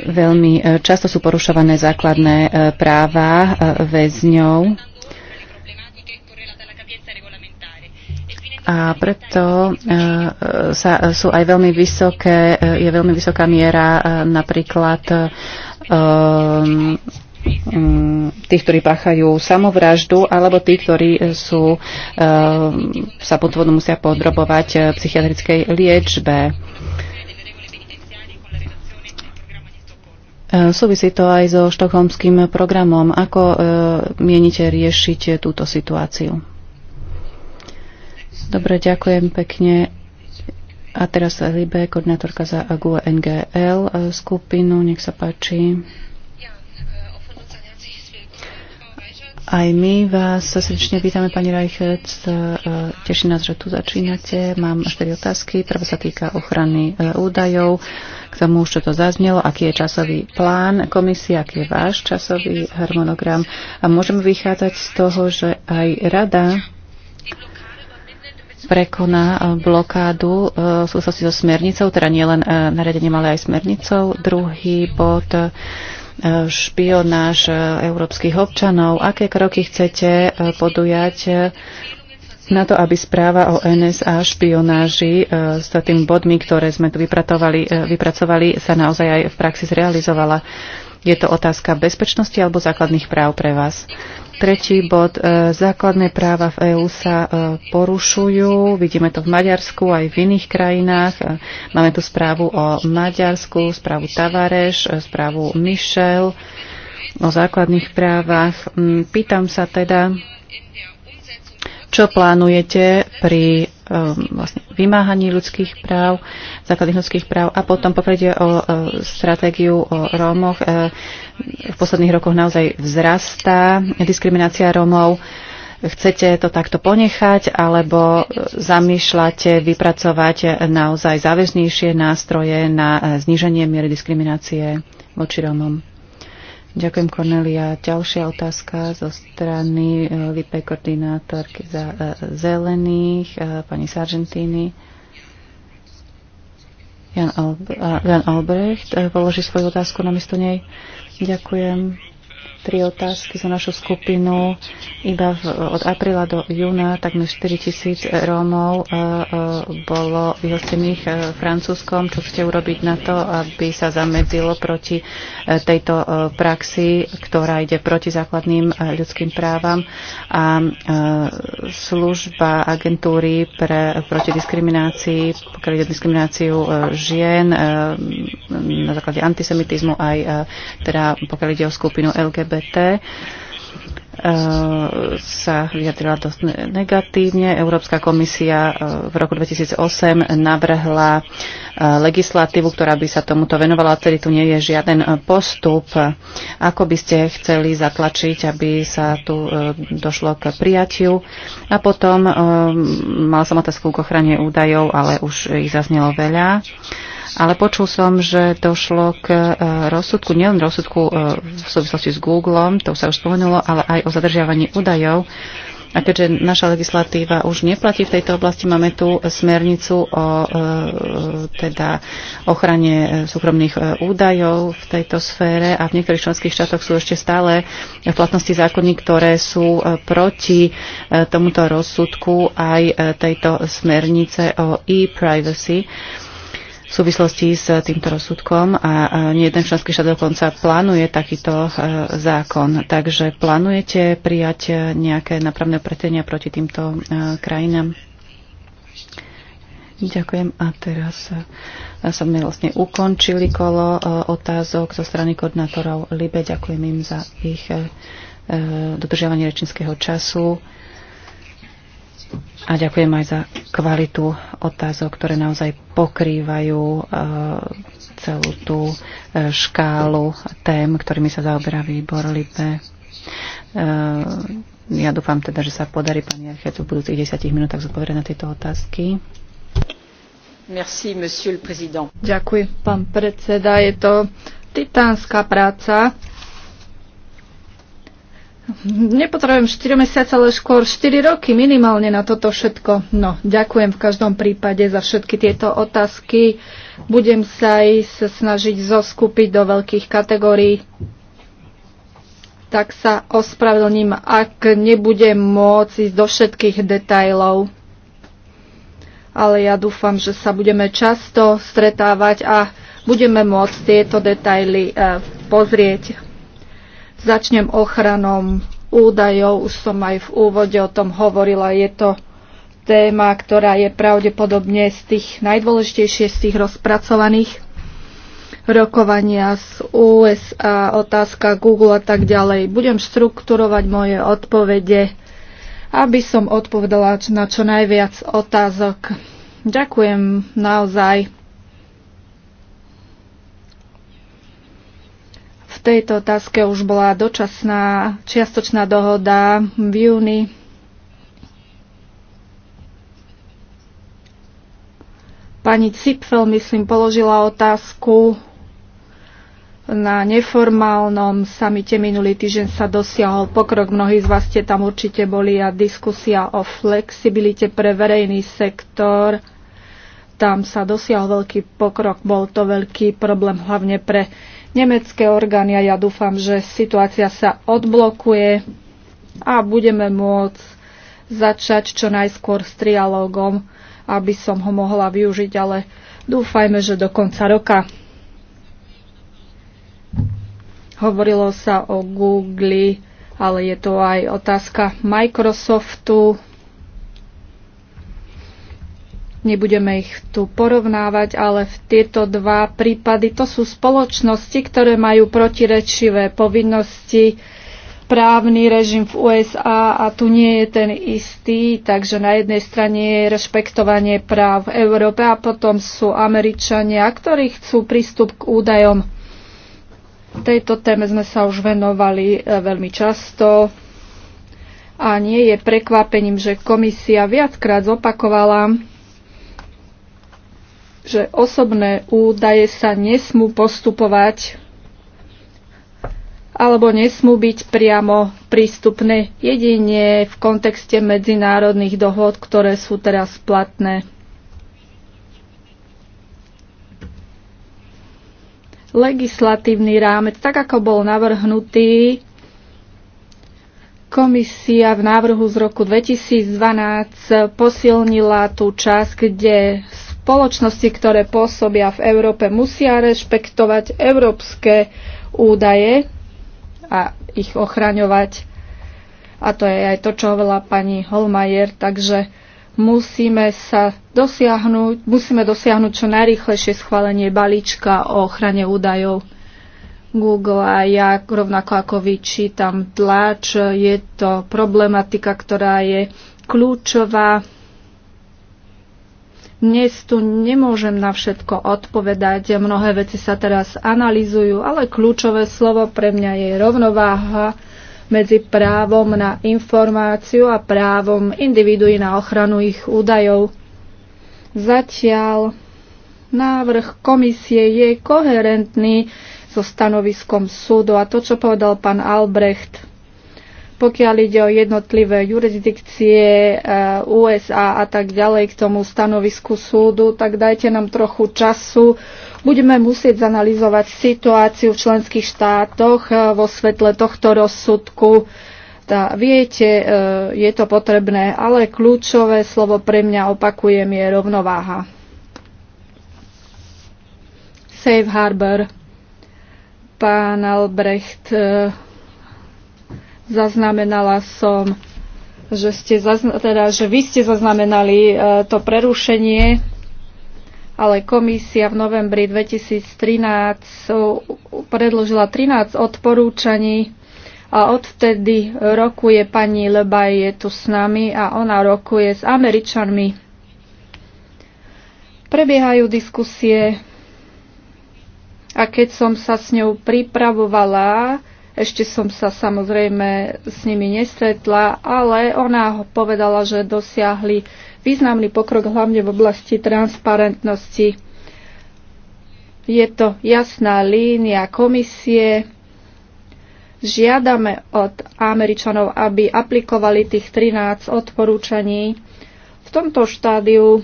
Veľmi často sú porušované základné práva väzňov. A preto sa, sú aj veľmi vysoké, je veľmi vysoká miera napríklad um, Mm, tí, ktorí páchajú samovraždu, alebo tí, ktorí sú, eh, sa podvodu musia podrobovať eh, psychiatrickej liečbe. Eh, súvisí to aj so štokholmským programom. Ako mienite riešiť túto situáciu? Dobre, ďakujem pekne. A teraz Libe, koordinátorka za AGU NGL skupinu. Nech sa páči. Aj my vás srdečne vítame, pani Rajchec. E, e, teší nás, že tu začínate. Mám 4 otázky. Prvá sa týka ochrany e, údajov. K tomu už čo to zaznelo, aký je časový plán komisie, aký je váš časový harmonogram. A môžeme vychádzať z toho, že aj rada prekoná blokádu v súvislosti so smernicou, teda nielen nariadením, ale aj smernicou. Druhý bod špionáž e, európskych občanov. Aké kroky chcete e, podujať e, na to, aby správa o NSA špionáži s tým bodmi, ktoré sme tu vypracovali, vypracovali sa naozaj aj v praxi zrealizovala? Je to otázka bezpečnosti alebo základných práv pre vás. Tretí bod. E, základné práva v EÚ sa e, porušujú. Vidíme to v Maďarsku aj v iných krajinách. E, máme tu správu o Maďarsku, správu Tavareš, správu Michel o základných právach. Mm, pýtam sa teda, čo plánujete pri um, vlastne vymáhaní ľudských práv, základných ľudských práv a potom poprede o stratégiu o Rómoch. E, v posledných rokoch naozaj vzrastá diskriminácia Rómov. Chcete to takto ponechať alebo zamýšľate vypracovať naozaj záväznejšie nástroje na e, zníženie miery diskriminácie voči Rómom? Ďakujem, Cornelia. Ďalšia otázka zo strany VP eh, koordinátorky za eh, zelených, eh, pani Sargentini. Jan, Jan Albrecht položí svoju otázku na miesto nej. Ďakujem tri otázky za našu skupinu. Iba v, od apríla do júna takmer 4 tisíc Rómov e, e, bolo vyhostených e, Francúzskom. Čo chcete urobiť na to, aby sa zamedzilo proti tejto praxi, ktorá ide proti základným ľudským právam a služba agentúry pre, proti diskriminácii, pokiaľ ide diskrimináciu žien na základe antisemitizmu aj teda pokiaľ ide o skupinu LGBT LGBT eh, sa vyjadrila dosť negatívne. Európska komisia eh, v roku 2008 navrhla eh, legislatívu, ktorá by sa tomuto venovala, vtedy tu nie je žiaden postup. Ako by ste chceli zatlačiť, aby sa tu došlo k prijatiu? A potom mal som otázku k ochrane údajov, ale už ich zaznelo veľa ale počul som, že došlo k e, rozsudku, nielen rozsudku e, v súvislosti s Googlem, to sa už spomenulo, ale aj o zadržiavaní údajov. A keďže naša legislatíva už neplatí v tejto oblasti, máme tu smernicu o e, teda ochrane súkromných údajov v tejto sfére a v niektorých členských štátoch sú ešte stále v platnosti zákony, ktoré sú proti tomuto rozsudku aj tejto smernice o e-privacy v súvislosti s týmto rozsudkom a nie jeden členský štát dokonca plánuje takýto e, zákon. Takže plánujete prijať nejaké napravné pretenia proti týmto e, krajinám? Ďakujem. A teraz e, sa sme vlastne ukončili kolo otázok zo strany koordinátorov Libe. Ďakujem im za ich dodržiavanie rečníckého času. A ďakujem aj za kvalitu otázok, ktoré naozaj pokrývajú uh, celú tú uh, škálu tém, ktorými sa zaoberá výbor LIPE. Uh, e, Ja dúfam teda, že sa podarí pani Archetu v budúcich 10 minútach zodpovedať na tieto otázky. Merci, monsieur le président. Ďakujem, pán predseda. Je to titánska práca nepotrebujem 4 mesiace, ale skôr 4 roky minimálne na toto všetko. No, ďakujem v každom prípade za všetky tieto otázky. Budem sa aj snažiť zoskupiť do veľkých kategórií. Tak sa ospravedlním, ak nebudem môcť ísť do všetkých detajlov. Ale ja dúfam, že sa budeme často stretávať a budeme môcť tieto detaily eh, pozrieť. Začnem ochranom údajov, už som aj v úvode o tom hovorila, je to téma, ktorá je pravdepodobne z tých najdôležitejších, z tých rozpracovaných rokovania z USA, otázka Google a tak ďalej. Budem štrukturovať moje odpovede, aby som odpovedala na čo najviac otázok. Ďakujem naozaj tejto otázke už bola dočasná čiastočná dohoda v júni. Pani Cipfel, myslím, položila otázku na neformálnom samite minulý týždeň sa dosiahol pokrok. Mnohí z vás ste tam určite boli a diskusia o flexibilite pre verejný sektor. Tam sa dosiahol veľký pokrok. Bol to veľký problém hlavne pre nemecké orgány a ja dúfam, že situácia sa odblokuje a budeme môcť začať čo najskôr s trialógom, aby som ho mohla využiť, ale dúfajme, že do konca roka. Hovorilo sa o Google, ale je to aj otázka Microsoftu, Nebudeme ich tu porovnávať, ale v tieto dva prípady to sú spoločnosti, ktoré majú protirečivé povinnosti, právny režim v USA a tu nie je ten istý, takže na jednej strane je rešpektovanie práv v Európe a potom sú Američania, ktorí chcú prístup k údajom. Tejto téme sme sa už venovali eh, veľmi často a nie je prekvapením, že komisia viackrát zopakovala, že osobné údaje sa nesmú postupovať alebo nesmú byť priamo prístupné jedine v kontexte medzinárodných dohod, ktoré sú teraz platné. Legislatívny rámec, tak ako bol navrhnutý, komisia v návrhu z roku 2012 posilnila tú časť, kde Spoločnosti, ktoré pôsobia v Európe, musia rešpektovať európske údaje a ich ochraňovať. A to je aj to, čo hovorila pani Holmajer. Takže musíme sa dosiahnuť, musíme dosiahnuť čo najrýchlejšie schválenie balíčka o ochrane údajov. Google a ja rovnako ako vy čítam tlač, je to problematika, ktorá je kľúčová dnes tu nemôžem na všetko odpovedať, mnohé veci sa teraz analizujú, ale kľúčové slovo pre mňa je rovnováha medzi právom na informáciu a právom individuí na ochranu ich údajov. Zatiaľ návrh komisie je koherentný so stanoviskom súdu a to, čo povedal pán Albrecht pokiaľ ide o jednotlivé jurisdikcie eh, USA a tak ďalej k tomu stanovisku súdu, tak dajte nám trochu času. Budeme musieť zanalizovať situáciu v členských štátoch eh, vo svetle tohto rozsudku. Tá, viete, eh, je to potrebné, ale kľúčové slovo pre mňa opakujem je rovnováha. Safe Harbor. Pán Albrecht, Zaznamenala som, že, ste zazna- teda, že vy ste zaznamenali e, to prerušenie, ale komisia v novembri 2013 e, predložila 13 odporúčaní a odvtedy rokuje pani Lebaj je tu s nami a ona rokuje s Američanmi. Prebiehajú diskusie a keď som sa s ňou pripravovala ešte som sa samozrejme s nimi nestretla, ale ona povedala, že dosiahli významný pokrok hlavne v oblasti transparentnosti. Je to jasná línia komisie. Žiadame od Američanov, aby aplikovali tých 13 odporúčaní. V tomto štádiu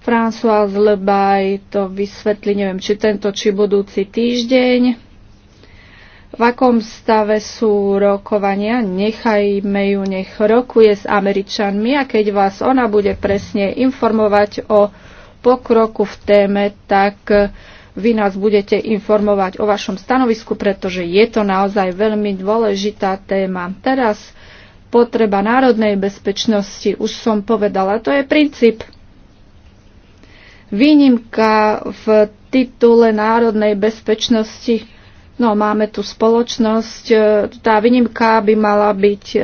François Lebaj to vysvetlí, neviem, či tento, či budúci týždeň. V akom stave sú rokovania? Nechajme ju, nech rokuje s Američanmi a keď vás ona bude presne informovať o pokroku v téme, tak vy nás budete informovať o vašom stanovisku, pretože je to naozaj veľmi dôležitá téma. Teraz potreba národnej bezpečnosti, už som povedala, to je princíp výnimka v titule národnej bezpečnosti. No, máme tu spoločnosť. E, tá výnimka by mala byť e,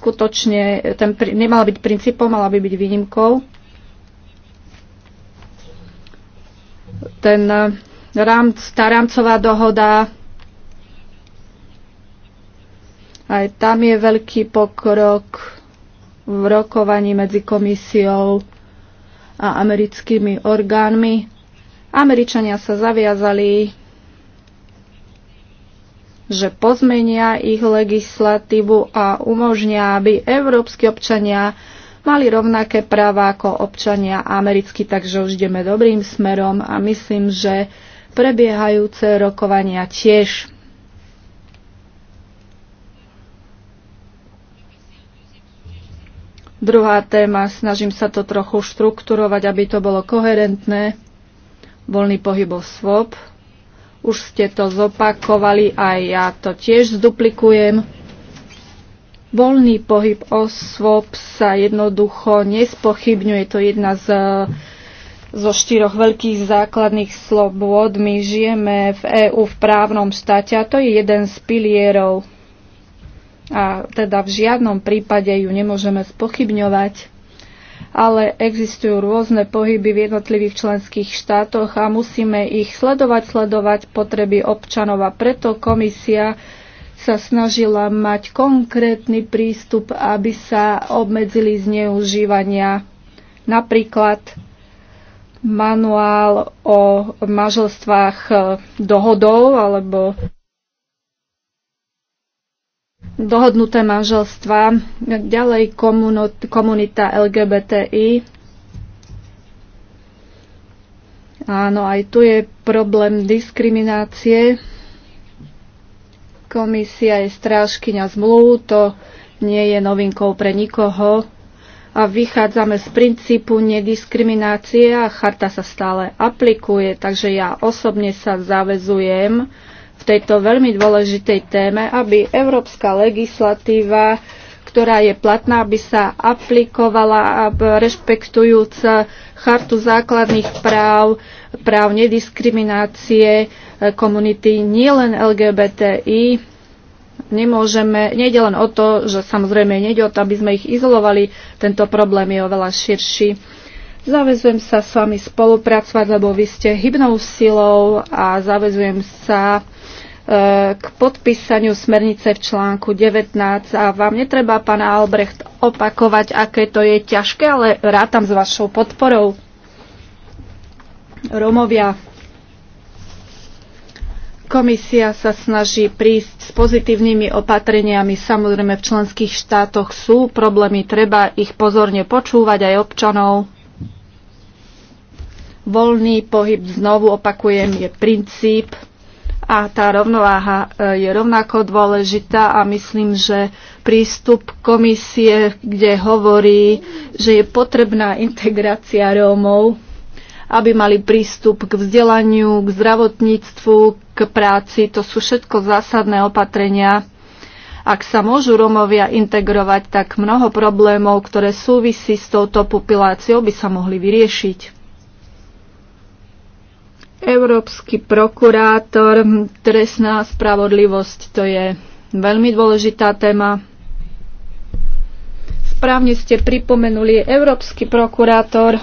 skutočne, ten, nemala byť princípom, mala by byť výnimkou. Ten e, rámc, tá rámcová dohoda, aj tam je veľký pokrok v rokovaní medzi komisiou a americkými orgánmi. Američania sa zaviazali, že pozmenia ich legislatívu a umožnia, aby európsky občania mali rovnaké práva ako občania americkí, takže už ideme dobrým smerom a myslím, že prebiehajúce rokovania tiež Druhá téma, snažím sa to trochu štrukturovať, aby to bolo koherentné. Voľný pohyb osôb. Už ste to zopakovali a ja to tiež zduplikujem. Voľný pohyb osôb sa jednoducho nespochybňuje. To je jedna z, zo štyroch veľkých základných slobôd. My žijeme v EÚ v právnom štáte a to je jeden z pilierov a teda v žiadnom prípade ju nemôžeme spochybňovať, ale existujú rôzne pohyby v jednotlivých členských štátoch a musíme ich sledovať, sledovať potreby občanov a preto komisia sa snažila mať konkrétny prístup, aby sa obmedzili zneužívania. Napríklad manuál o manželstvách eh, dohodov alebo dohodnuté manželstva, ďalej komunita LGBTI. Áno, aj tu je problém diskriminácie. Komisia je strážkyňa zmluv, to nie je novinkou pre nikoho. A vychádzame z princípu nediskriminácie a charta sa stále aplikuje, takže ja osobne sa zavezujem, tejto veľmi dôležitej téme, aby európska legislatíva, ktorá je platná, aby sa aplikovala rešpektujúc chartu základných práv, práv nediskriminácie komunity nielen LGBTI. Nemôžeme, nejde len o to, že samozrejme nejde o to, aby sme ich izolovali, tento problém je oveľa širší. Zavezujem sa s vami spolupracovať, lebo vy ste hybnou silou a zavezujem sa k podpísaniu smernice v článku 19 a vám netreba, pána Albrecht, opakovať, aké to je ťažké, ale rátam s vašou podporou. Romovia. Komisia sa snaží prísť s pozitívnymi opatreniami. Samozrejme, v členských štátoch sú problémy, treba ich pozorne počúvať aj občanov. Voľný pohyb, znovu opakujem, je princíp a tá rovnováha e, je rovnako dôležitá a myslím, že prístup komisie, kde hovorí, že je potrebná integrácia Rómov, aby mali prístup k vzdelaniu, k zdravotníctvu, k práci, to sú všetko zásadné opatrenia. Ak sa môžu Rómovia integrovať, tak mnoho problémov, ktoré súvisí s touto populáciou, by sa mohli vyriešiť. Európsky prokurátor, trestná spravodlivosť, to je veľmi dôležitá téma. Správne ste pripomenuli Európsky prokurátor.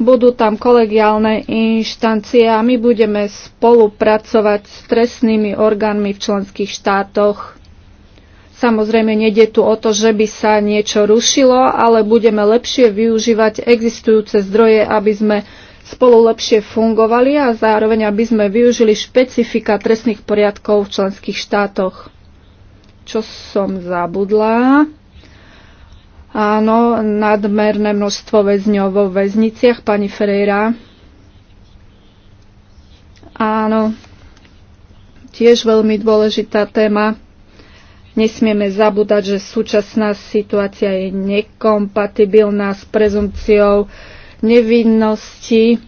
Budú tam kolegiálne inštancie a my budeme spolupracovať s trestnými orgánmi v členských štátoch. Samozrejme, nejde tu o to, že by sa niečo rušilo, ale budeme lepšie využívať existujúce zdroje, aby sme spolu lepšie fungovali a zároveň, aby sme využili špecifika trestných poriadkov v členských štátoch. Čo som zabudla? Áno, nadmerné množstvo väzňov vo väzniciach, pani Ferreira. Áno, tiež veľmi dôležitá téma. Nesmieme zabúdať, že súčasná situácia je nekompatibilná s prezumciou nevinnosti,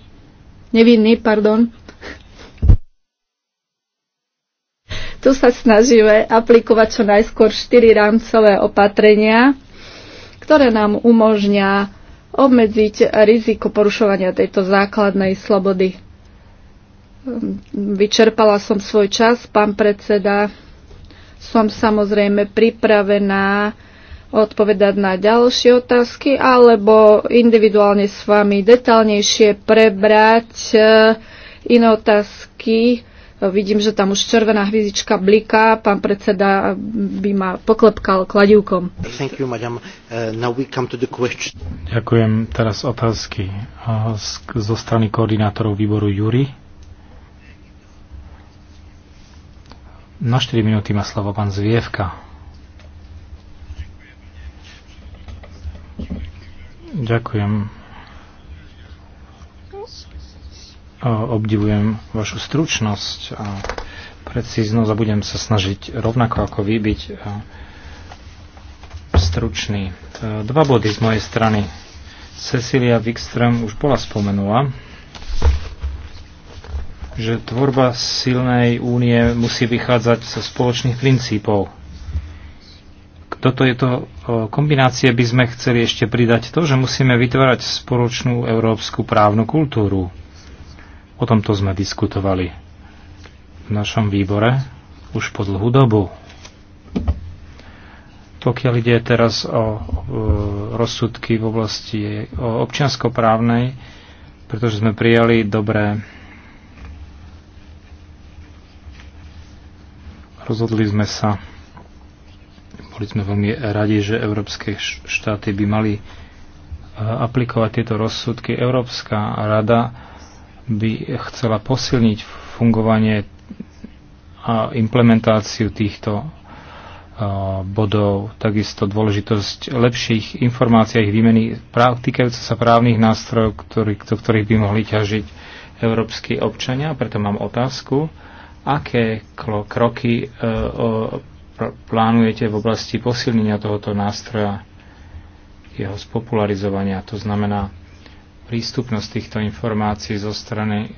nevinný, pardon. Tu sa snažíme aplikovať čo najskôr štyri rámcové opatrenia, ktoré nám umožňa obmedziť riziko porušovania tejto základnej slobody. Vyčerpala som svoj čas, pán predseda. Som samozrejme pripravená odpovedať na ďalšie otázky alebo individuálne s vami detálnejšie prebrať eh, iné otázky. Vidím, že tam už červená hvizička bliká. Pán predseda by ma poklepkal kladivkom. Eh, Ďakujem. Teraz otázky eh, zo strany koordinátorov výboru Jury. Na 4 minúty má slovo pán Zvievka. Ďakujem. Obdivujem vašu stručnosť a precíznosť a budem sa snažiť rovnako ako vy byť stručný. E, dva body z mojej strany. Cecilia Wikström už bola spomenula, že tvorba silnej únie musí vychádzať zo spoločných princípov toto tejto kombinácie by sme chceli ešte pridať to, že musíme vytvárať spoločnú európsku právnu kultúru. O tomto sme diskutovali v našom výbore už po dlhú dobu. Pokiaľ ide teraz o, o rozsudky v oblasti občianskoprávnej, pretože sme prijali dobré rozhodli sme sa boli sme veľmi radi, že európske štáty by mali e, aplikovať tieto rozsudky. Európska rada by chcela posilniť fungovanie a implementáciu týchto e, bodov, takisto dôležitosť lepších informácií a ich výmeny práv, týkajúce sa právnych nástrojov, ktorý, do ktorých by mohli ťažiť európsky občania. Preto mám otázku, aké kroky e, plánujete v oblasti posilnenia tohoto nástroja, jeho spopularizovania, to znamená prístupnosť týchto informácií zo strany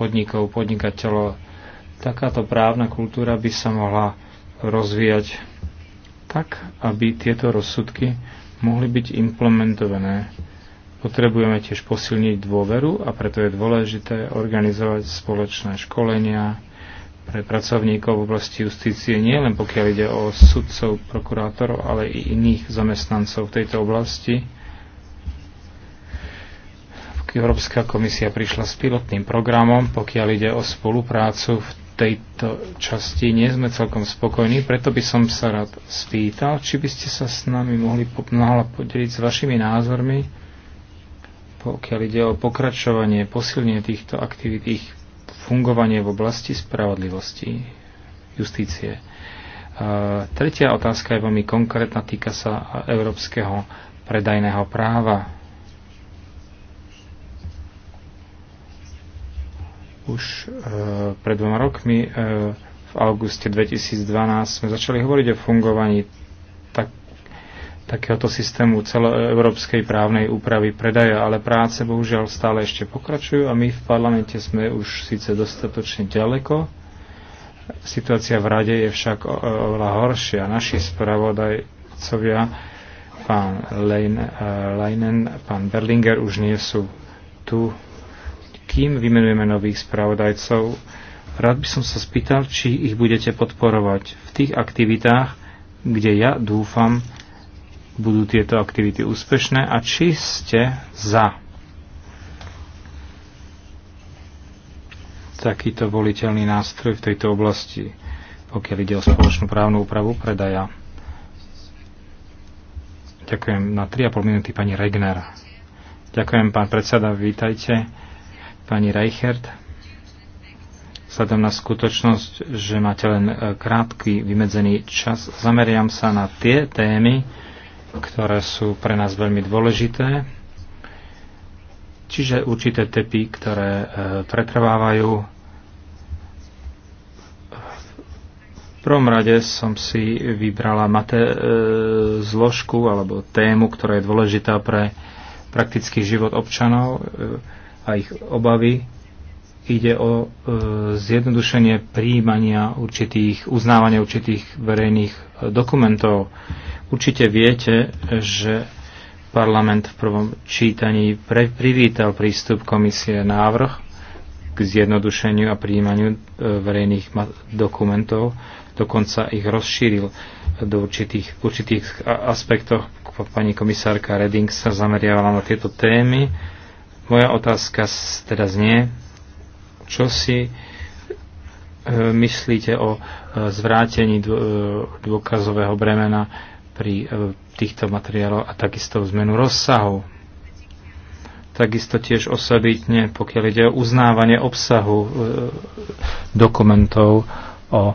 podnikov, podnikateľov. Takáto právna kultúra by sa mohla rozvíjať tak, aby tieto rozsudky mohli byť implementované. Potrebujeme tiež posilniť dôveru a preto je dôležité organizovať spoločné školenia, pre pracovníkov v oblasti justície, nie len pokiaľ ide o sudcov, prokurátorov, ale i iných zamestnancov v tejto oblasti. Európska komisia prišla s pilotným programom, pokiaľ ide o spoluprácu v tejto časti. Nie sme celkom spokojní, preto by som sa rád spýtal, či by ste sa s nami mohli pomáhať podeliť s vašimi názormi, pokiaľ ide o pokračovanie, posilnenie týchto aktivít, ich fungovanie v oblasti spravodlivosti, justície. Tretia otázka je veľmi konkrétna, týka sa európskeho predajného práva. Už e, pred dvoma rokmi e, v auguste 2012 sme začali hovoriť o fungovaní takéhoto systému celoeurópskej právnej úpravy predaja, ale práce bohužiaľ stále ešte pokračujú a my v parlamente sme už síce dostatočne ďaleko. Situácia v rade je však oveľa horšia. Naši spravodajcovia, pán eh, Leinen, pán Berlinger už nie sú tu. Kým vymenujeme nových spravodajcov, rád by som sa spýtal, či ich budete podporovať v tých aktivitách, kde ja dúfam, budú tieto aktivity úspešné a či ste za takýto voliteľný nástroj v tejto oblasti, pokiaľ ide o spoločnú právnu úpravu predaja. Ďakujem na 3,5 minúty pani Regner. Ďakujem, pán predseda, vítajte. Pani Reichert, vzhľadom na skutočnosť, že máte len eh, krátky vymedzený čas, zameriam sa na tie témy, ktoré sú pre nás veľmi dôležité. Čiže určité typy, ktoré e, pretrvávajú. V prvom rade som si vybrala mate, e, zložku alebo tému, ktorá je dôležitá pre praktický život občanov e, a ich obavy. Ide o zjednodušenie príjmania určitých, uznávania určitých verejných dokumentov Určite viete, že parlament v prvom čítaní pre, privítal prístup komisie návrh k zjednodušeniu a príjmaniu e, verejných dokumentov, dokonca ich rozšíril do určitých, určitých aspektov. Pani komisárka Reding sa zameriavala na tieto témy. Moja otázka teda znie, čo si e, myslíte o e, zvrátení dôkazového bremena pri e, týchto materiáloch a takisto zmenu rozsahu. Takisto tiež osobitne, pokiaľ ide o uznávanie obsahu e, dokumentov o e,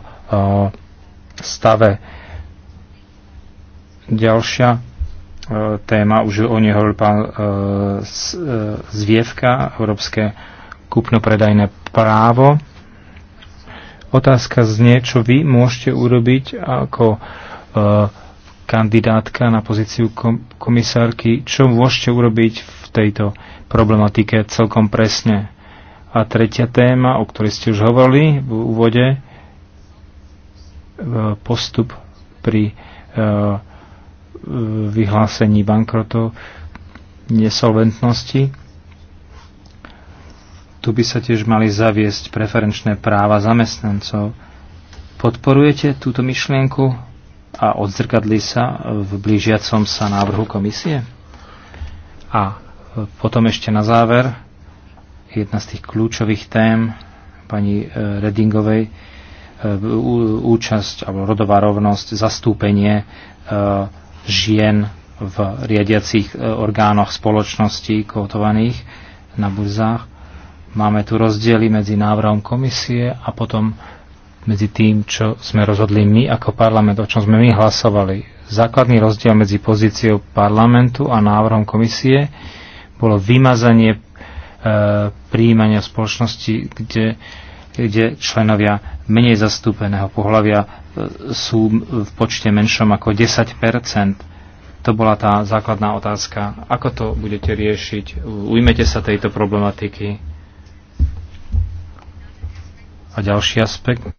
stave. Ďalšia téma, už o nej hovoril pán Zvievka, Európske kupnopredajné predajné právo. Otázka znie, čo vy môžete urobiť ako uh, kandidátka na pozíciu komisárky, čo môžete urobiť v tejto problematike celkom presne. A tretia téma, o ktorej ste už hovorili v úvode, e, postup pri e, vyhlásení bankrotov, nesolventnosti. Tu by sa tiež mali zaviesť preferenčné práva zamestnancov. Podporujete túto myšlienku? a odzrkadli sa v blížiacom sa návrhu komisie? A potom ešte na záver, jedna z tých kľúčových tém pani e, Redingovej, e, účasť alebo rodová rovnosť, zastúpenie e, žien v riadiacich orgánoch spoločností kotovaných na burzách. Máme tu rozdiely medzi návrhom komisie a potom medzi tým, čo sme rozhodli my ako parlament, o čom sme my hlasovali. Základný rozdiel medzi pozíciou parlamentu a návrhom komisie bolo vymazanie e, príjmania spoločnosti, kde, kde členovia menej zastúpeného pohľavia e, sú v počte menšom ako 10 To bola tá základná otázka. Ako to budete riešiť? Ujmete sa tejto problematiky? A ďalší aspekt?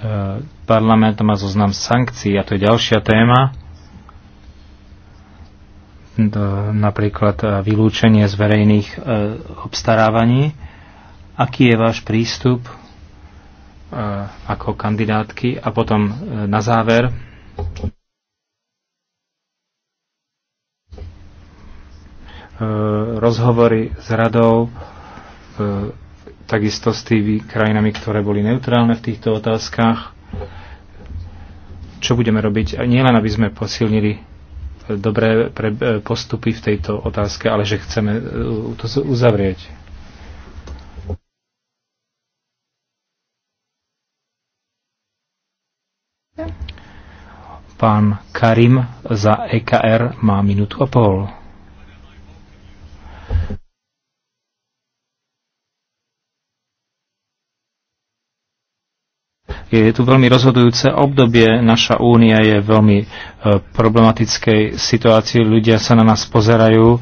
E, parlament má zoznam sankcií a to je ďalšia téma. Napríklad e, vylúčenie z verejných e, obstarávaní. Aký je váš prístup ako kandidátky? A potom na záver. rozhovory s radou takisto s tými krajinami, ktoré boli neutrálne v týchto otázkach. Čo budeme robiť? Nielen, aby sme posilnili dobré pre, e, postupy v tejto otázke, ale že chceme e, to uzavrieť. Pán Karim za EKR má minútu a pol. Je tu veľmi rozhodujúce obdobie. Naša únia je v veľmi e, problematickej situácii. Ľudia sa na nás pozerajú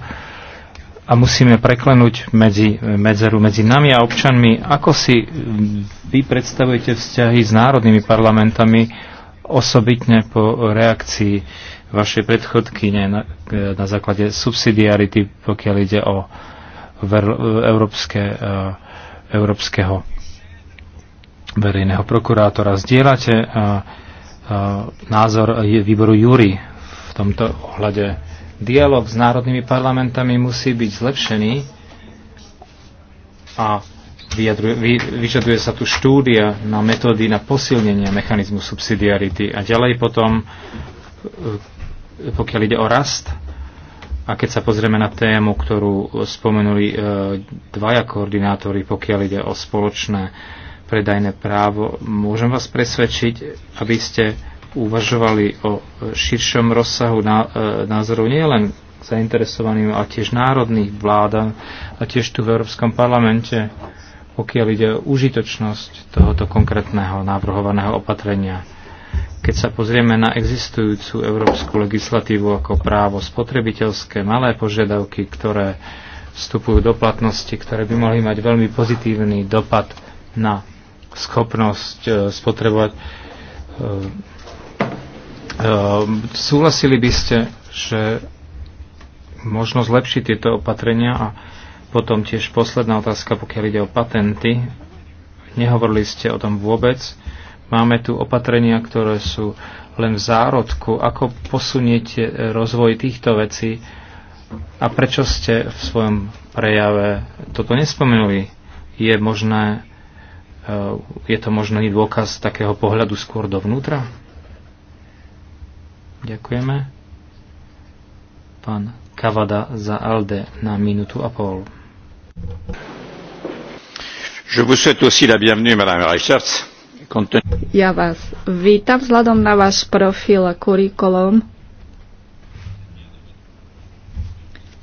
a musíme preklenúť medzi, medzeru medzi nami a občanmi. Ako si vy predstavujete vzťahy s národnými parlamentami osobitne po reakcii vašej predchodky na, na základe subsidiarity, pokiaľ ide o ver, e, európske, e, európskeho verejného prokurátora. Zdieľate eh, eh, názor výboru Júri v tomto ohľade. Dialóg s národnými parlamentami musí byť zlepšený a vyjadruje, vy, vyžaduje sa tu štúdia na metódy na posilnenie mechanizmu subsidiarity a ďalej potom, eh, pokiaľ ide o rast, a keď sa pozrieme na tému, ktorú spomenuli dvaja koordinátori, pokiaľ ide o spoločné predajné právo. Môžem vás presvedčiť, aby ste uvažovali o širšom rozsahu e, názorov nielen zainteresovaným, ale tiež národných vládam a tiež tu v Európskom parlamente, pokiaľ ide o užitočnosť tohoto konkrétneho navrhovaného opatrenia. Keď sa pozrieme na existujúcu európsku legislatívu ako právo spotrebiteľské, malé požiadavky, ktoré vstupujú do platnosti, ktoré by mohli mať veľmi pozitívny dopad na schopnosť e, spotrebovať. E, e, súhlasili by ste, že možno zlepšiť tieto opatrenia a potom tiež posledná otázka, pokiaľ ide o patenty. Nehovorili ste o tom vôbec. Máme tu opatrenia, ktoré sú len v zárodku. Ako posuniete rozvoj týchto vecí a prečo ste v svojom prejave toto nespomenuli? Je možné Eh, je to i dôkaz takého pohľadu skôr dovnútra? Ďakujeme. Pán Kavada za Alde na minútu a pol. Je vous souhaite aussi la bienvenue, Madame Reichertz. Ja vás vítam vzhľadom na váš profil a kurikulum.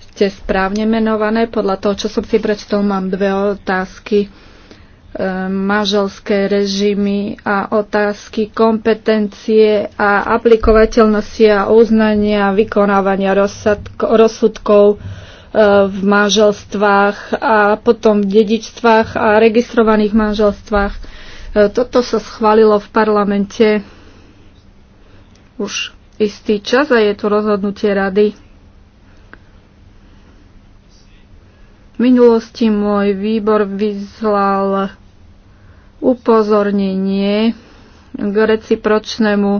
Ste správne menované. Podľa toho, čo som si prečtol, mám dve otázky manželské režimy a otázky kompetencie a aplikovateľnosti a uznania vykonávania rozsudkov e, v manželstvách a potom v dedičstvách a registrovaných manželstvách. E, toto sa schválilo v parlamente už istý čas a je tu rozhodnutie rady. V minulosti môj výbor vyzval upozornenie k recipročnému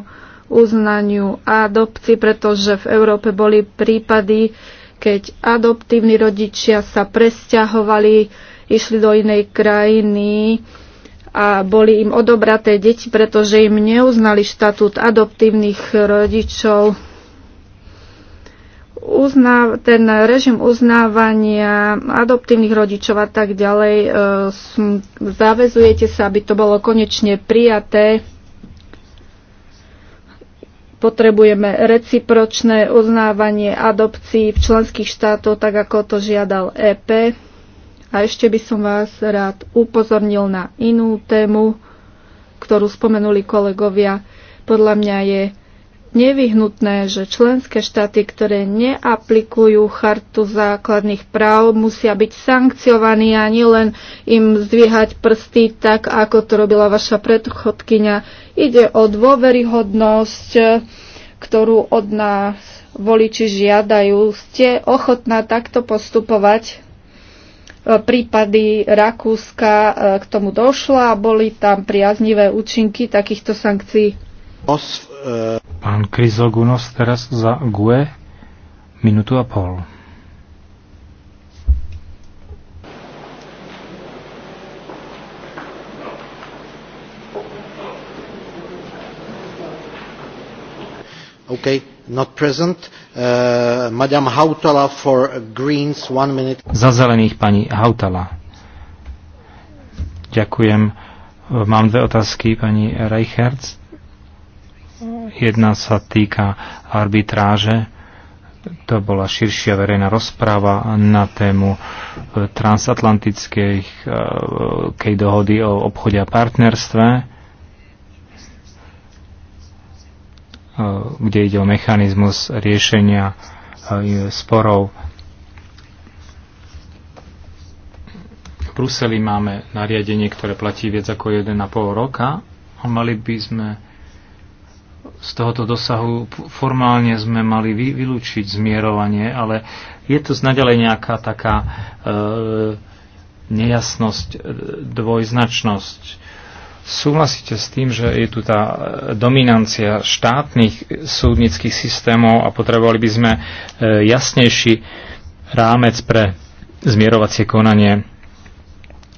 uznaniu adopci, pretože v Európe boli prípady, keď adoptívni rodičia sa presťahovali, išli do inej krajiny a boli im odobraté deti, pretože im neuznali štatút adoptívnych rodičov uzná, ten režim uznávania adoptívnych rodičov a tak ďalej, e, zavezujete sa, aby to bolo konečne prijaté. Potrebujeme recipročné uznávanie adopcií v členských štátoch, tak ako to žiadal EP. A ešte by som vás rád upozornil na inú tému, ktorú spomenuli kolegovia. Podľa mňa je nevyhnutné, že členské štáty, ktoré neaplikujú chartu základných práv, musia byť sankciovaní a nielen im zdvíhať prsty, tak ako to robila vaša predchodkynia. Ide o dôveryhodnosť, ktorú od nás voliči žiadajú. Ste ochotná takto postupovať? Prípady Rakúska e, k tomu došlo a boli tam priaznivé účinky takýchto sankcií. Os Pán Kryzogunos teraz za GUE minútu a pol. Okay, not present. Uh, Madame Hautala for Greens, one minute. Za zelených pani Hautala. Ďakujem. Mám dve otázky, pani Reichertz Jedna sa týka arbitráže. To bola širšia verejná rozpráva na tému e, transatlantickej e, dohody o obchode a partnerstve. E, kde ide o mechanizmus riešenia sporov. V Bruseli máme nariadenie, ktoré platí viac ako 1,5 roka a mali by sme z tohoto dosahu formálne sme mali vylúčiť zmierovanie, ale je to znaďalej nejaká taká e, nejasnosť, e, dvojznačnosť. Súhlasíte s tým, že je tu tá e, dominancia štátnych súdnických systémov a potrebovali by sme e, jasnejší rámec pre zmierovacie konanie.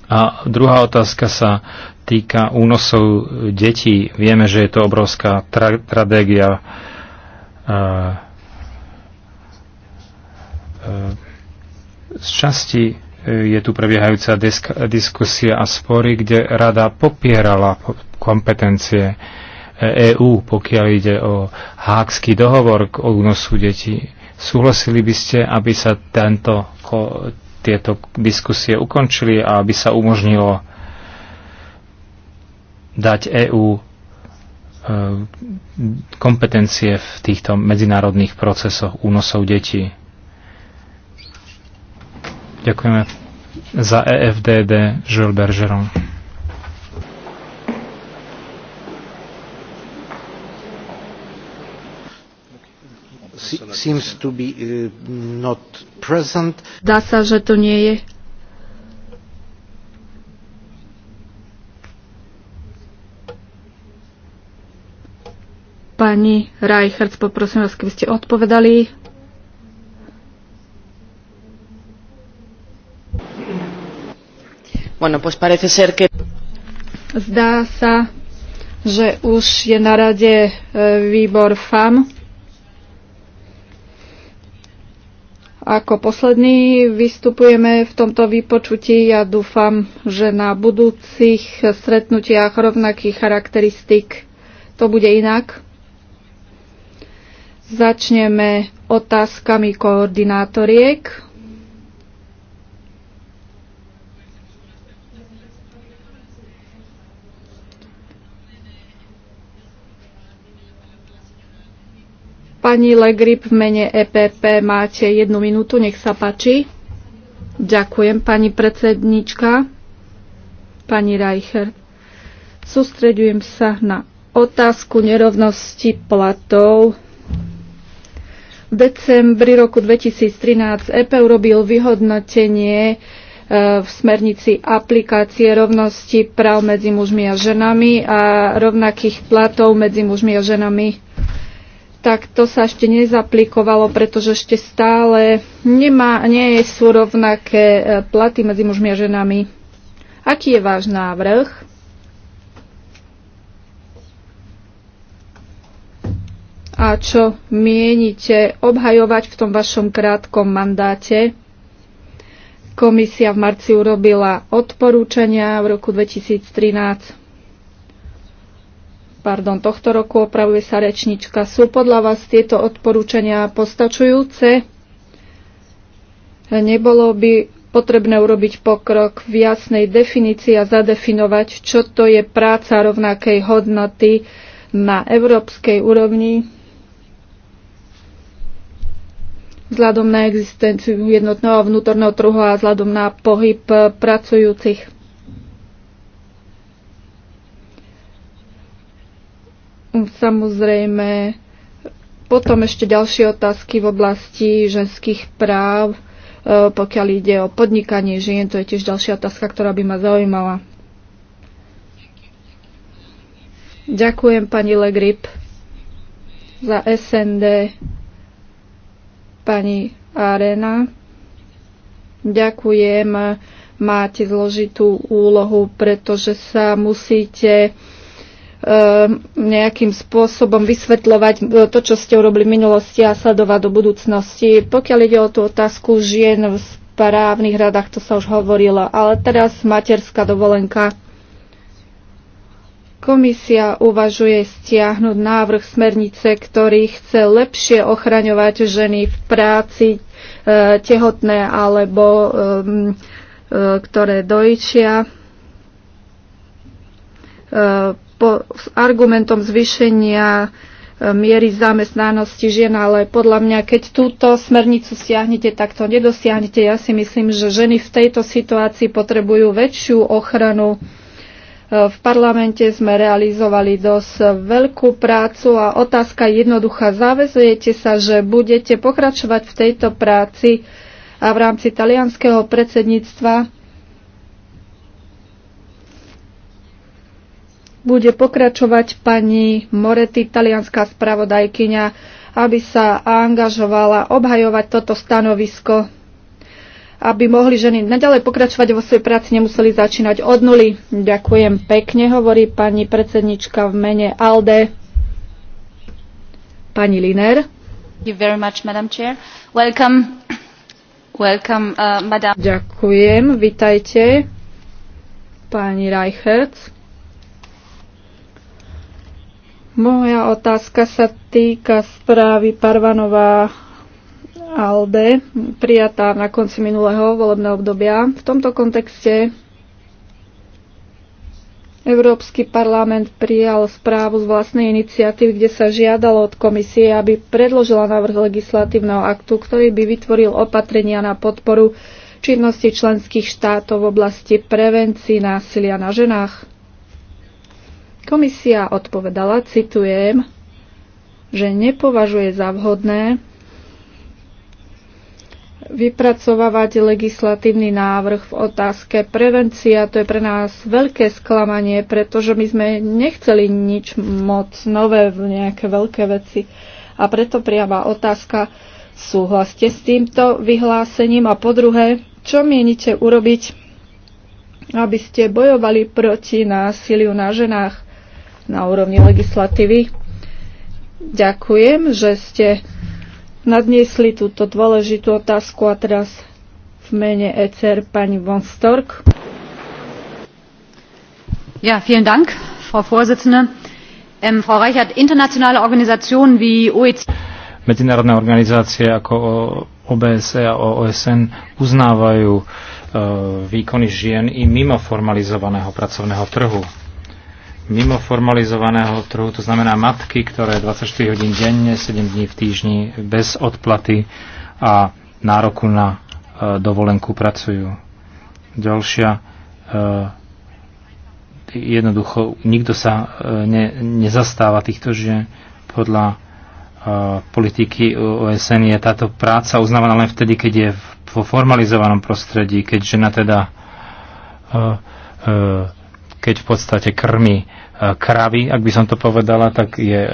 A druhá otázka sa týka únosov detí, vieme, že je to obrovská tra- tragédia. E, e, z časti e, je tu prebiehajúca disk- diskusia a spory, kde rada popierala kompetencie EÚ, pokiaľ ide o hákský dohovor k únosu detí. Súhlasili by ste, aby sa tento, tieto diskusie ukončili a aby sa umožnilo dať EÚ e, kompetencie v týchto medzinárodných procesoch únosov detí. Ďakujeme za EFDD Jules Bergeron. Seems to be, uh, not present. Dá sa, že to nie je Pani Reichertz, poprosím vás, keby ste odpovedali. Bueno, pues parece ser que... Zdá sa, že už je na rade e, výbor FAM. Ako posledný vystupujeme v tomto vypočutí. Ja dúfam, že na budúcich stretnutiach rovnakých charakteristik to bude inak. Začneme otázkami koordinátoriek. Pani Legrip v mene EPP máte jednu minútu, nech sa páči. Ďakujem, pani predsednička, pani Reicher. Sústredujem sa na otázku nerovnosti platov decembri roku 2013 EP urobil vyhodnotenie e, v smernici aplikácie rovnosti práv medzi mužmi a ženami a rovnakých platov medzi mužmi a ženami. Tak to sa ešte nezaplikovalo, pretože ešte stále nemá, nie sú rovnaké e, platy medzi mužmi a ženami. Aký je váš návrh? a čo mienite obhajovať v tom vašom krátkom mandáte. Komisia v marci urobila odporúčania v roku 2013 pardon, tohto roku opravuje sa rečnička. Sú podľa vás tieto odporúčania postačujúce? Nebolo by potrebné urobiť pokrok v jasnej definícii a zadefinovať, čo to je práca rovnakej hodnoty na európskej úrovni vzhľadom na existenciu jednotného vnútorného trhu a vzhľadom na pohyb eh, pracujúcich. Samozrejme, potom ešte ďalšie otázky v oblasti ženských práv, eh, pokiaľ ide o podnikanie žien, to je tiež ďalšia otázka, ktorá by ma zaujímala. Ďakujem pani Legrip za SND. Pani Arena, ďakujem. Máte zložitú úlohu, pretože sa musíte e, nejakým spôsobom vysvetľovať e, to, čo ste urobili v minulosti a sledovať do budúcnosti. Pokiaľ ide o tú otázku žien v správnych radách, to sa už hovorilo, ale teraz materská dovolenka. Komisia uvažuje stiahnuť návrh smernice, ktorý chce lepšie ochraňovať ženy v práci e, tehotné alebo e, e, ktoré dojčia. E, po, s argumentom zvýšenia e, miery zamestnanosti žien, ale podľa mňa, keď túto smernicu stiahnete, tak to nedosiahnete. Ja si myslím, že ženy v tejto situácii potrebujú väčšiu ochranu v parlamente sme realizovali dosť veľkú prácu a otázka je jednoduchá. Záväzujete sa, že budete pokračovať v tejto práci a v rámci talianského predsedníctva bude pokračovať pani Moretti, talianská spravodajkyňa, aby sa angažovala obhajovať toto stanovisko aby mohli ženy nadalej pokračovať vo svojej práci, nemuseli začínať od nuly. Ďakujem pekne, hovorí pani predsednička v mene ALDE, pani Liner. Uh, Ďakujem, vitajte, pani Reichert. Moja otázka sa týka správy Parvanová ALDE, prijatá na konci minulého volebného obdobia. V tomto kontexte Európsky parlament prijal správu z vlastnej iniciatívy, kde sa žiadalo od komisie, aby predložila návrh legislatívneho aktu, ktorý by vytvoril opatrenia na podporu činnosti členských štátov v oblasti prevencii násilia na ženách. Komisia odpovedala, citujem, že nepovažuje za vhodné, vypracovávať legislatívny návrh v otázke prevencia. To je pre nás veľké sklamanie, pretože my sme nechceli nič moc nové, v nejaké veľké veci. A preto priama otázka, súhlaste s týmto vyhlásením? A po druhé, čo mienite urobiť, aby ste bojovali proti násiliu na ženách na úrovni legislatívy? Ďakujem, že ste nadniesli túto dôležitú otázku a teraz v mene ECR pani von Stork. Ja, vielen Dank, Frau Vorsitzende. Ähm, Frau Reichert, internationale Organisationen wie OEC... Medzinárodné organizácie ako OBSE a OSN uznávajú e, výkony žien i mimo formalizovaného pracovného trhu mimo formalizovaného trhu, to znamená matky, ktoré 24 hodín denne, 7 dní v týždni bez odplaty a nároku na e, dovolenku pracujú. Ďalšia, e, jednoducho, nikto sa e, ne, nezastáva týchto žien podľa e, politiky OSN je táto práca uznávaná len vtedy, keď je vo formalizovanom prostredí, keď žena teda e, e, keď v podstate krmi e, kravy, ak by som to povedala, tak je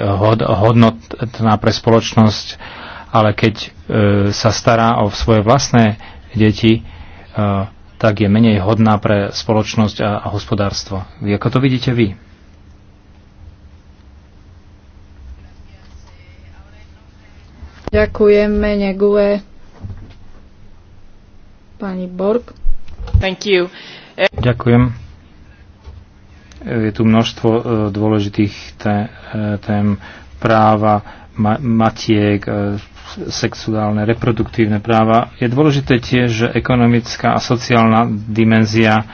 hodnotná pre spoločnosť, ale keď e, sa stará o svoje vlastné deti, e, tak je menej hodná pre spoločnosť a hospodárstvo. Vy, ako to vidíte vy? Ďakujem, mene GUE. Pani Borg. Thank you. Ďakujem. Je tu množstvo e, dôležitých e, tém práva matiek, e, sexuálne, reproduktívne práva. Je dôležité tiež, že ekonomická a sociálna dimenzia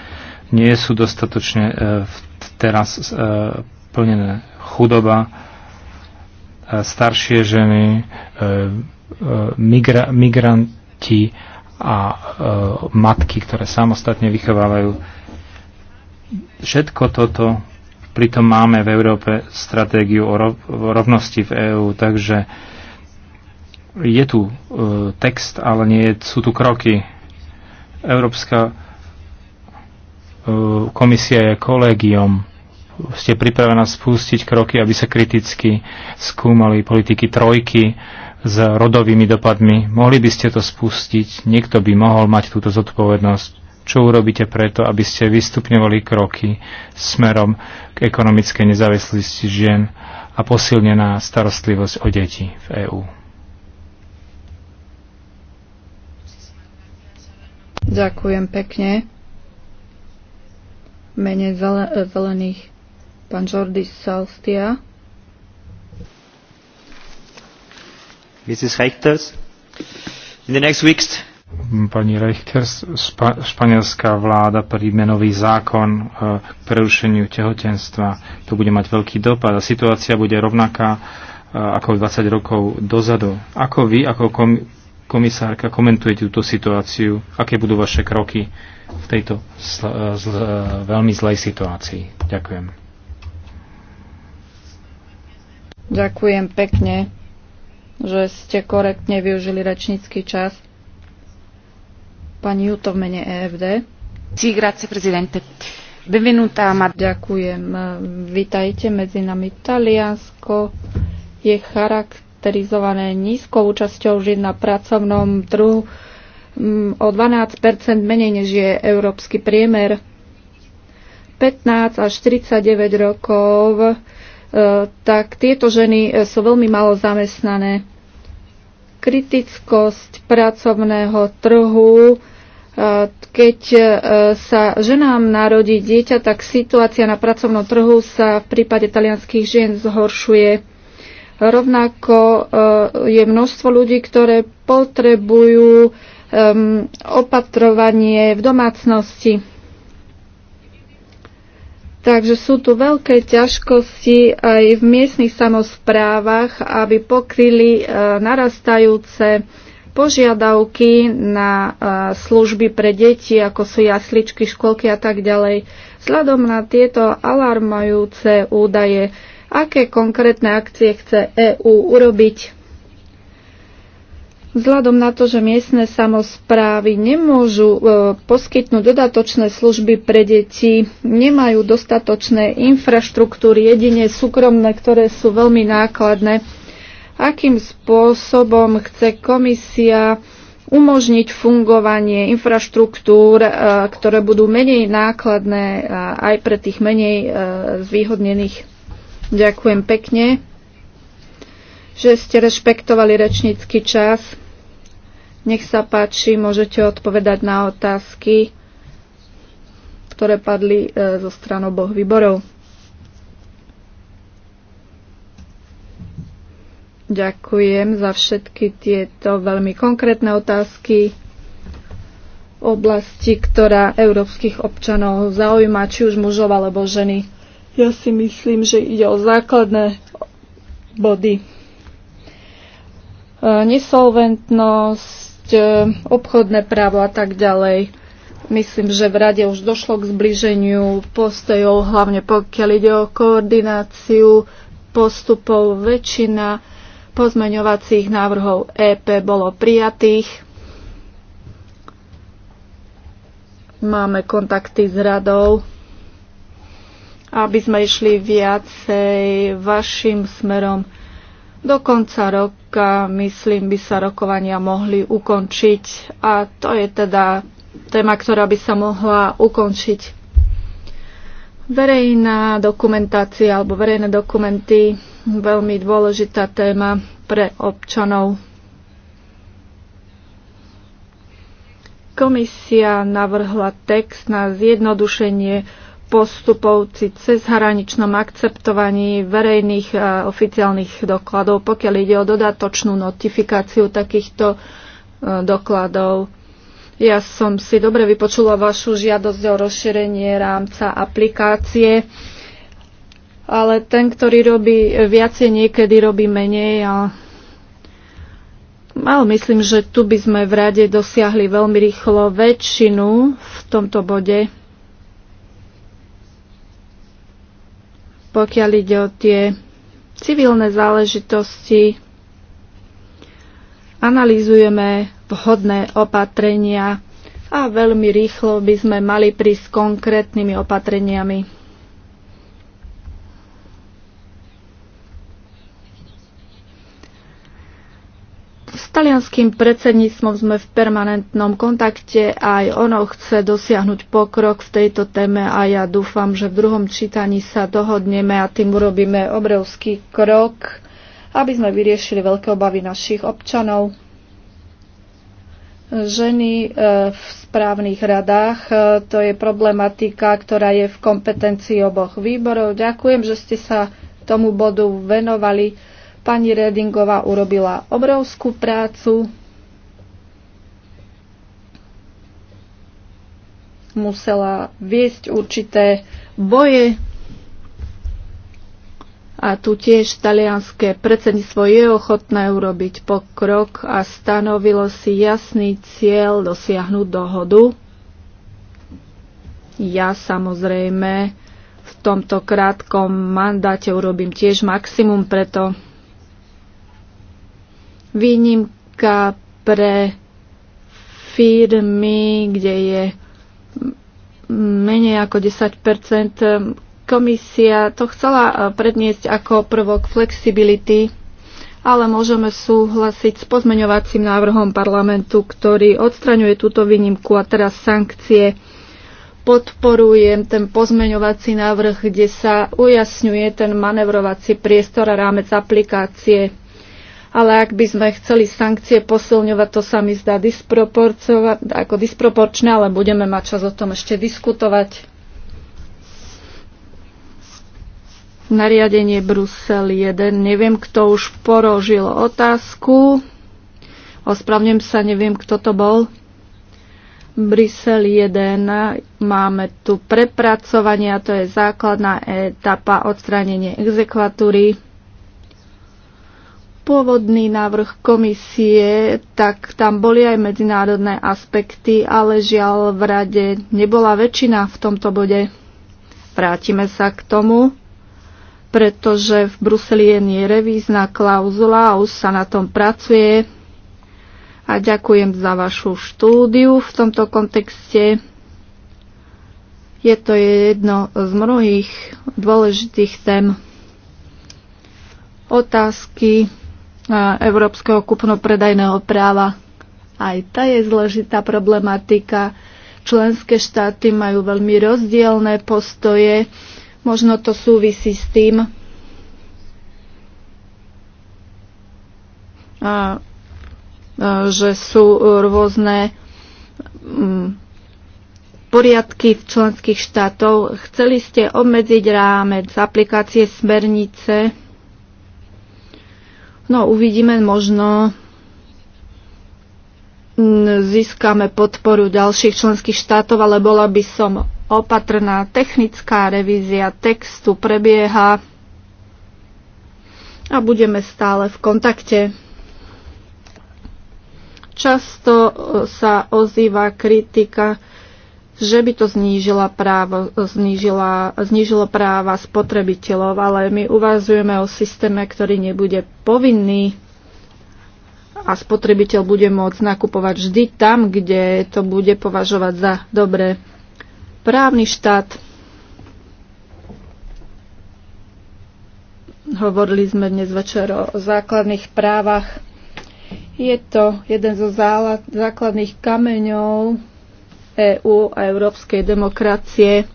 nie sú dostatočne teraz plnené. Chudoba, staršie ženy, migra- migranti a matky, ktoré samostatne vychovávajú všetko toto, pritom máme v Európe stratégiu o rovnosti v EÚ, takže je tu e, text, ale nie sú tu kroky. Európska e, komisia je kolegium. Ste pripravená spustiť kroky, aby sa kriticky skúmali politiky trojky s rodovými dopadmi. Mohli by ste to spustiť, niekto by mohol mať túto zodpovednosť. Čo urobíte preto, aby ste vystupňovali kroky smerom k ekonomickej nezávislosti žien a posilnená starostlivosť o deti v EÚ? Ďakujem pekne. Mene zelených pán Jordi Salstia. Mrs. Reichters, in the next weeks Pani Reichter. spa, španielská vláda príjme nový zákon e, k prerušeniu tehotenstva. To bude mať veľký dopad a situácia bude rovnaká e, ako 20 rokov dozadu. Ako vy, ako komisárka, komentujete túto situáciu? Aké budú vaše kroky v tejto e, zl- zl- veľmi zlej situácii? Ďakujem. Ďakujem pekne, že ste korektne využili rečnícky čas. Pani Juto v mene EFD. Sí, grazie, Benvenuta, ma... Ďakujem. Vítajte medzi nami. Taliansko je charakterizované nízkou účasťou žien na pracovnom trhu mm, o 12 menej než je európsky priemer. 15 až 49 rokov, e, tak tieto ženy e, sú veľmi malo zamestnané. Kritickosť pracovného trhu Eh, keď eh, sa ženám narodí dieťa, tak situácia na pracovnom trhu sa v prípade talianských žien zhoršuje. Rovnako eh, je množstvo ľudí, ktoré potrebujú opatrovanie v domácnosti. Takže sú tu veľké ťažkosti aj v miestnych samozprávach, aby pokryli narastajúce požiadavky na e, služby pre deti, ako sú jasličky, školky a tak ďalej. Vzhľadom na tieto alarmujúce údaje, aké konkrétne akcie chce EÚ urobiť? Vzhľadom na to, že miestne samozprávy nemôžu e, poskytnúť dodatočné služby pre deti, nemajú dostatočné infraštruktúry, jedine súkromné, ktoré sú veľmi nákladné, akým spôsobom chce komisia umožniť fungovanie infraštruktúr, e, ktoré budú menej nákladné aj pre tých menej e, zvýhodnených. Ďakujem pekne, že ste rešpektovali rečnícky čas. Nech sa páči, môžete odpovedať na otázky, ktoré padli e, zo stranou Boh výborov. Ďakujem za všetky tieto veľmi konkrétne otázky oblasti, ktorá európskych občanov zaujíma, či už mužov alebo ženy. Ja si myslím, že ide o základné body. E, nesolventnosť, e, obchodné právo a tak ďalej. Myslím, že v rade už došlo k zbliženiu postojov, hlavne pokiaľ ide o koordináciu postupov. Väčšina pozmeňovacích návrhov EP bolo prijatých. Máme kontakty s radou, aby sme išli viacej vašim smerom. Do konca roka, myslím, by sa rokovania mohli ukončiť a to je teda téma, ktorá by sa mohla ukončiť. Verejná dokumentácia alebo verejné dokumenty veľmi dôležitá téma pre občanov. Komisia navrhla text na zjednodušenie postupov pri cezhraničnom akceptovaní verejných a e, oficiálnych dokladov, pokiaľ ide o dodatočnú notifikáciu takýchto e, dokladov. Ja som si dobre vypočula vašu žiadosť o rozšírenie rámca aplikácie ale ten, ktorý robí viacej, niekedy robí menej a ale myslím, že tu by sme v rade dosiahli veľmi rýchlo väčšinu v tomto bode. Pokiaľ ide o tie civilné záležitosti, analýzujeme vhodné opatrenia a veľmi rýchlo by sme mali prísť konkrétnymi opatreniami. S talianským predsedníctvom sme v permanentnom kontakte a aj ono chce dosiahnuť pokrok v tejto téme a ja dúfam, že v druhom čítaní sa dohodneme a tým urobíme obrovský krok, aby sme vyriešili veľké obavy našich občanov. Ženy e, v správnych radách, e, to je problematika, ktorá je v kompetencii oboch výborov. Ďakujem, že ste sa tomu bodu venovali Pani Redingová urobila obrovskú prácu. Musela viesť určité boje a tu tiež talianské predsedníctvo je ochotné urobiť pokrok a stanovilo si jasný cieľ dosiahnuť dohodu. Ja samozrejme v tomto krátkom mandáte urobím tiež maximum preto, Výnimka pre firmy, kde je menej ako 10 Komisia to chcela eh, predniesť ako prvok flexibility, ale môžeme súhlasiť s pozmeňovacím návrhom parlamentu, ktorý odstraňuje túto výnimku a teraz sankcie. Podporujem ten pozmeňovací návrh, kde sa ujasňuje ten manevrovací priestor a rámec aplikácie ale ak by sme chceli sankcie posilňovať, to sa mi zdá ako disproporčné, ale budeme mať čas o tom ešte diskutovať. Nariadenie Brusel 1. Neviem, kto už porožil otázku. Ospravňujem sa, neviem, kto to bol. Brusel 1 máme tu prepracovanie a to je základná etapa odstránenie exekvatúry pôvodný návrh komisie, tak tam boli aj medzinárodné aspekty, ale žiaľ v rade nebola väčšina v tomto bode. Vrátime sa k tomu, pretože v Bruseli je nie revízna klauzula a už sa na tom pracuje. A ďakujem za vašu štúdiu v tomto kontexte. Je to jedno z mnohých dôležitých tém. Otázky Európskeho kupno-predajného práva. Aj tá je zložitá problematika. Členské štáty majú veľmi rozdielne postoje. Možno to súvisí s tým, že sú rôzne mm, poriadky v členských štátov. Chceli ste obmedziť rámec aplikácie smernice No uvidíme, možno mm, získame podporu ďalších členských štátov, ale bola by som opatrná. Technická revízia textu prebieha a budeme stále v kontakte. Často sa ozýva kritika, že by to znížila právo, znížila, znížilo práva spotrebiteľov, ale my uvazujeme o systéme, ktorý nebude povinný a spotrebiteľ bude môcť nakupovať vždy tam, kde to bude považovať za dobré. Právny štát. Hovorili sme dnes večer o základných právach. Je to jeden zo základných kameňov EÚ EU a európskej demokracie.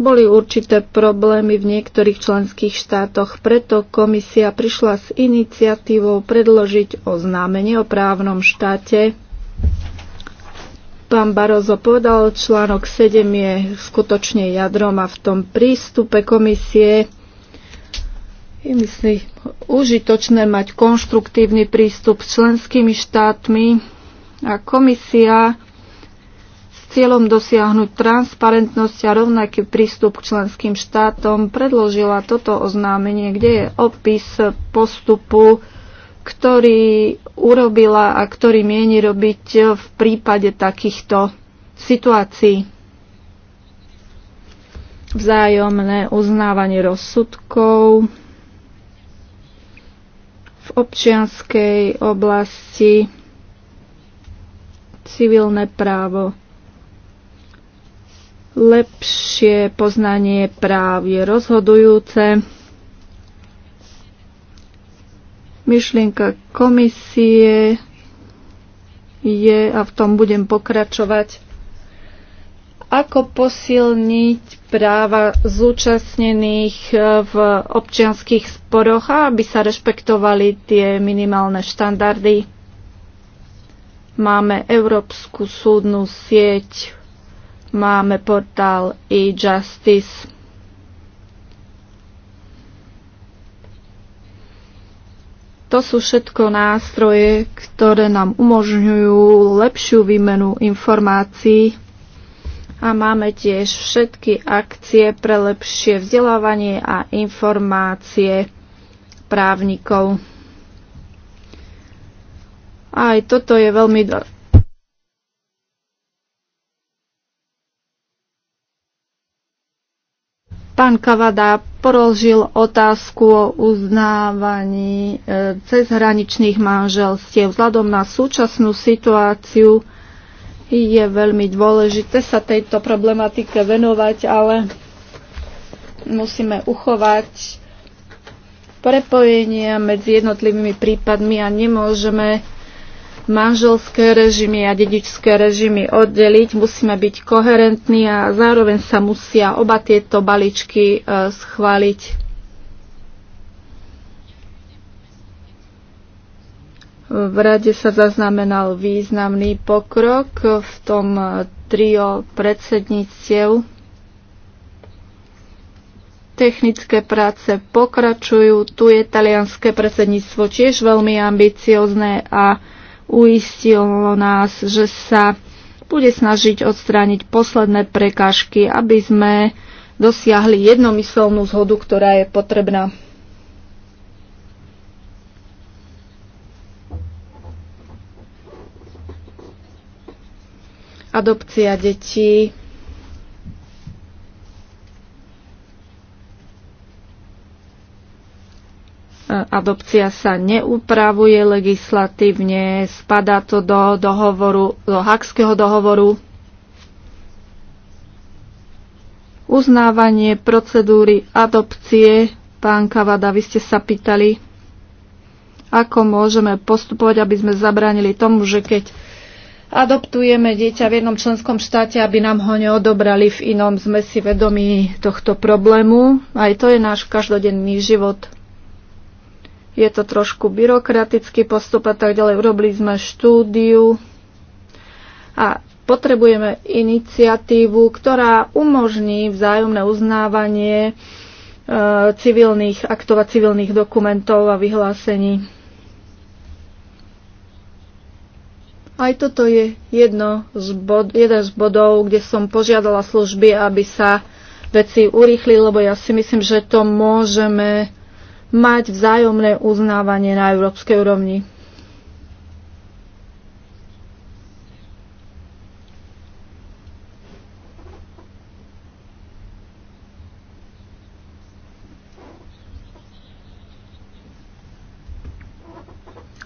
Boli určité problémy v niektorých členských štátoch, preto komisia prišla s iniciatívou predložiť oznámenie o právnom štáte. Pán Barozo povedal, článok 7 je skutočne jadrom a v tom prístupe komisie je myslím užitočné mať konštruktívny prístup s členskými štátmi a komisia s cieľom dosiahnuť transparentnosť a rovnaký prístup k členským štátom predložila toto oznámenie, kde je opis postupu, ktorý urobila a ktorý mieni robiť v prípade takýchto situácií. Vzájomné uznávanie rozsudkov v občianskej oblasti civilné právo. Lepšie poznanie práv je rozhodujúce. Myšlienka komisie je, a v tom budem pokračovať, ako posilniť práva zúčastnených eh, v občianských sporoch, aby sa rešpektovali tie minimálne štandardy Máme Európsku súdnu sieť, máme portál e-justice. To sú všetko nástroje, ktoré nám umožňujú lepšiu výmenu informácií a máme tiež všetky akcie pre lepšie vzdelávanie a informácie právnikov. Aj toto je veľmi Pán Kavada porožil otázku o uznávaní e, cezhraničných manželstiev. Vzhľadom na súčasnú situáciu je veľmi dôležité sa tejto problematike venovať, ale musíme uchovať prepojenia medzi jednotlivými prípadmi a nemôžeme manželské režimy a dedičské režimy oddeliť. Musíme byť koherentní a zároveň sa musia oba tieto balíčky e, schváliť. V rade sa zaznamenal významný pokrok v tom e, trio predsedníctiev. Technické práce pokračujú. Tu je talianské predsedníctvo tiež veľmi ambiciozne a uistilo nás, že sa bude snažiť odstrániť posledné prekážky, aby sme dosiahli jednomyselnú zhodu, ktorá je potrebná. Adopcia detí Adopcia sa neupravuje legislatívne, spadá to do, dohovoru, do Hakského dohovoru. Uznávanie procedúry adopcie, pán Kavada, vy ste sa pýtali, ako môžeme postupovať, aby sme zabránili tomu, že keď adoptujeme dieťa v jednom členskom štáte, aby nám ho neodobrali v inom. Sme si vedomí tohto problému. Aj to je náš každodenný život je to trošku byrokratický postup a tak ďalej. Urobili sme štúdiu a potrebujeme iniciatívu, ktorá umožní vzájomné uznávanie e, civilných aktov a civilných dokumentov a vyhlásení. Aj toto je jedno z bod, jeden z bodov, kde som požiadala služby, aby sa veci urýchli, lebo ja si myslím, že to môžeme mať vzájomné uznávanie na európskej úrovni.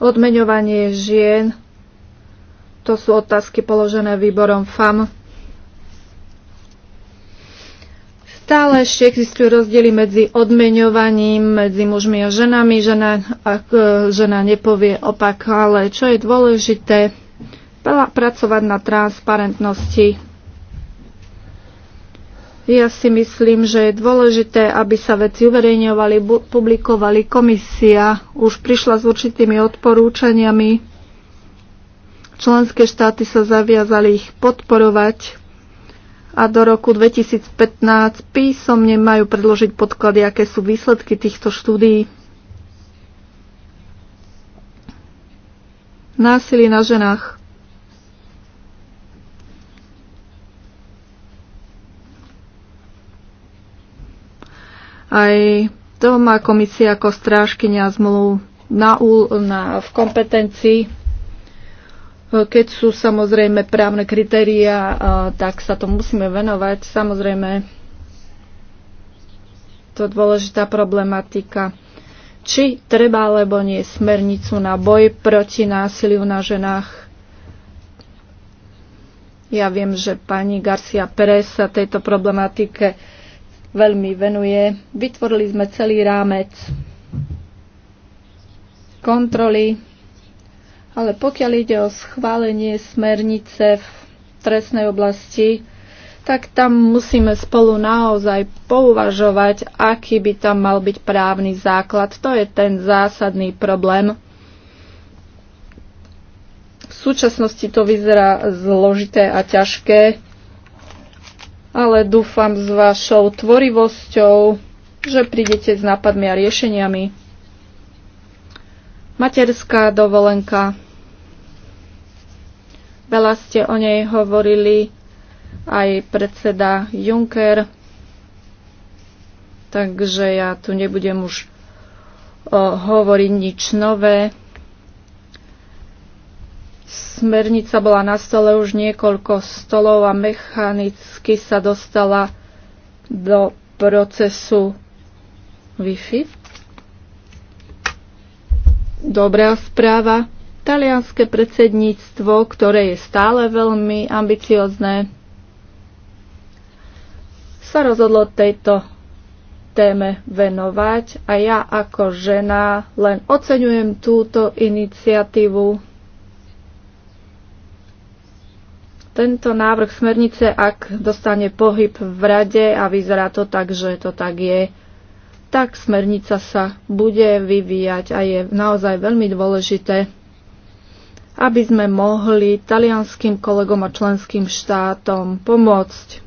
Odmeňovanie žien to sú otázky položené výborom FAM. Stále ešte existujú rozdiely medzi odmeňovaním, medzi mužmi a ženami. Žena, ak, e, žena nepovie opak, ale čo je dôležité, pracovať na transparentnosti. Ja si myslím, že je dôležité, aby sa veci uverejňovali, publikovali. Komisia už prišla s určitými odporúčaniami. Členské štáty sa zaviazali ich podporovať a do roku 2015 písomne majú predložiť podklady, aké sú výsledky týchto štúdií. Násilie na ženách. Aj to má komisia ako strážkynia zmluv na, na, v kompetencii keď sú samozrejme právne kritéria, tak sa to musíme venovať. Samozrejme, to dôležitá problematika. Či treba alebo nie smernicu na boj proti násiliu na ženách. Ja viem, že pani Garcia Pérez sa tejto problematike veľmi venuje. Vytvorili sme celý rámec kontroly ale pokiaľ ide o schválenie smernice v trestnej oblasti, tak tam musíme spolu naozaj pouvažovať, aký by tam mal byť právny základ. To je ten zásadný problém. V súčasnosti to vyzerá zložité a ťažké, ale dúfam s vašou tvorivosťou, že prídete s nápadmi a riešeniami. Materská dovolenka. Veľa ste o nej hovorili aj predseda Juncker, takže ja tu nebudem už hovoriť nič nové. Smernica bola na stole už niekoľko stolov a mechanicky sa dostala do procesu Wi-Fi. Dobrá správa Talianské predsedníctvo, ktoré je stále veľmi ambiciozne, sa rozhodlo tejto téme venovať a ja ako žena len oceňujem túto iniciatívu. Tento návrh smernice, ak dostane pohyb v rade a vyzerá to tak, že to tak je, tak smernica sa bude vyvíjať a je naozaj veľmi dôležité, aby sme mohli talianským kolegom a členským štátom pomôcť.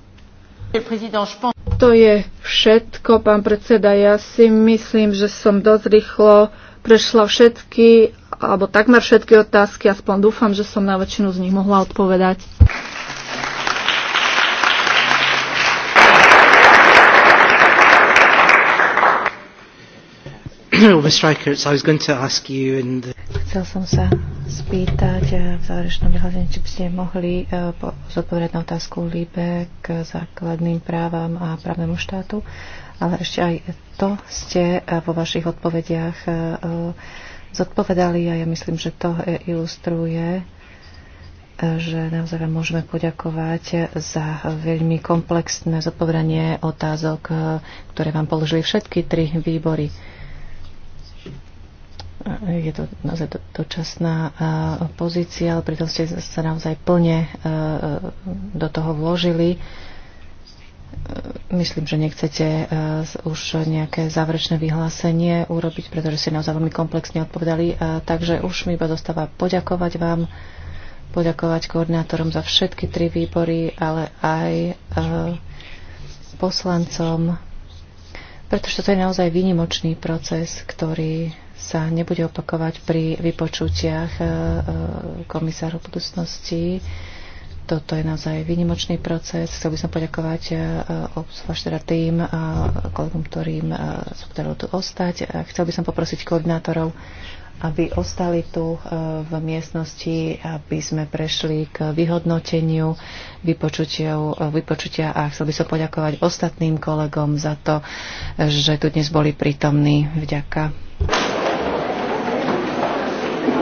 To je všetko, pán predseda. Ja si myslím, že som dosť rýchlo prešla všetky, alebo takmer všetky otázky, aspoň dúfam, že som na väčšinu z nich mohla odpovedať. Chcel som sa spýtať eh, v záverečnom vyhlásení, či by ste mohli eh, zodpovedať na otázku líbe k základným právam a právnemu štátu, ale ešte aj to ste eh, vo vašich odpovediach zodpovedali a ja myslím, že to ilustruje že naozaj vám môžeme poďakovať za veľmi komplexné zodpovedanie otázok, ktoré vám položili všetky tri výbory je to naozaj dočasná pozícia, ale pritom ste sa naozaj plne do toho vložili. Myslím, že nechcete už nejaké záverečné vyhlásenie urobiť, pretože ste naozaj veľmi komplexne odpovedali. Takže už mi iba zostáva poďakovať vám, poďakovať koordinátorom za všetky tri výbory, ale aj poslancom, pretože to je naozaj výnimočný proces, ktorý sa nebude opakovať pri vypočutiach e, e, komisárov budúcnosti. Toto je naozaj výnimočný proces. Chcel by som poďakovať e, obzvlášť teda tým kolegom, ktorým sa podarilo tu ostať. Chcel by som poprosiť koordinátorov, aby ostali tu v miestnosti, aby sme prešli k vyhodnoteniu vypočutia a chcel by som poďakovať ostatným kolegom za to, že tu dnes boli prítomní. Vďaka.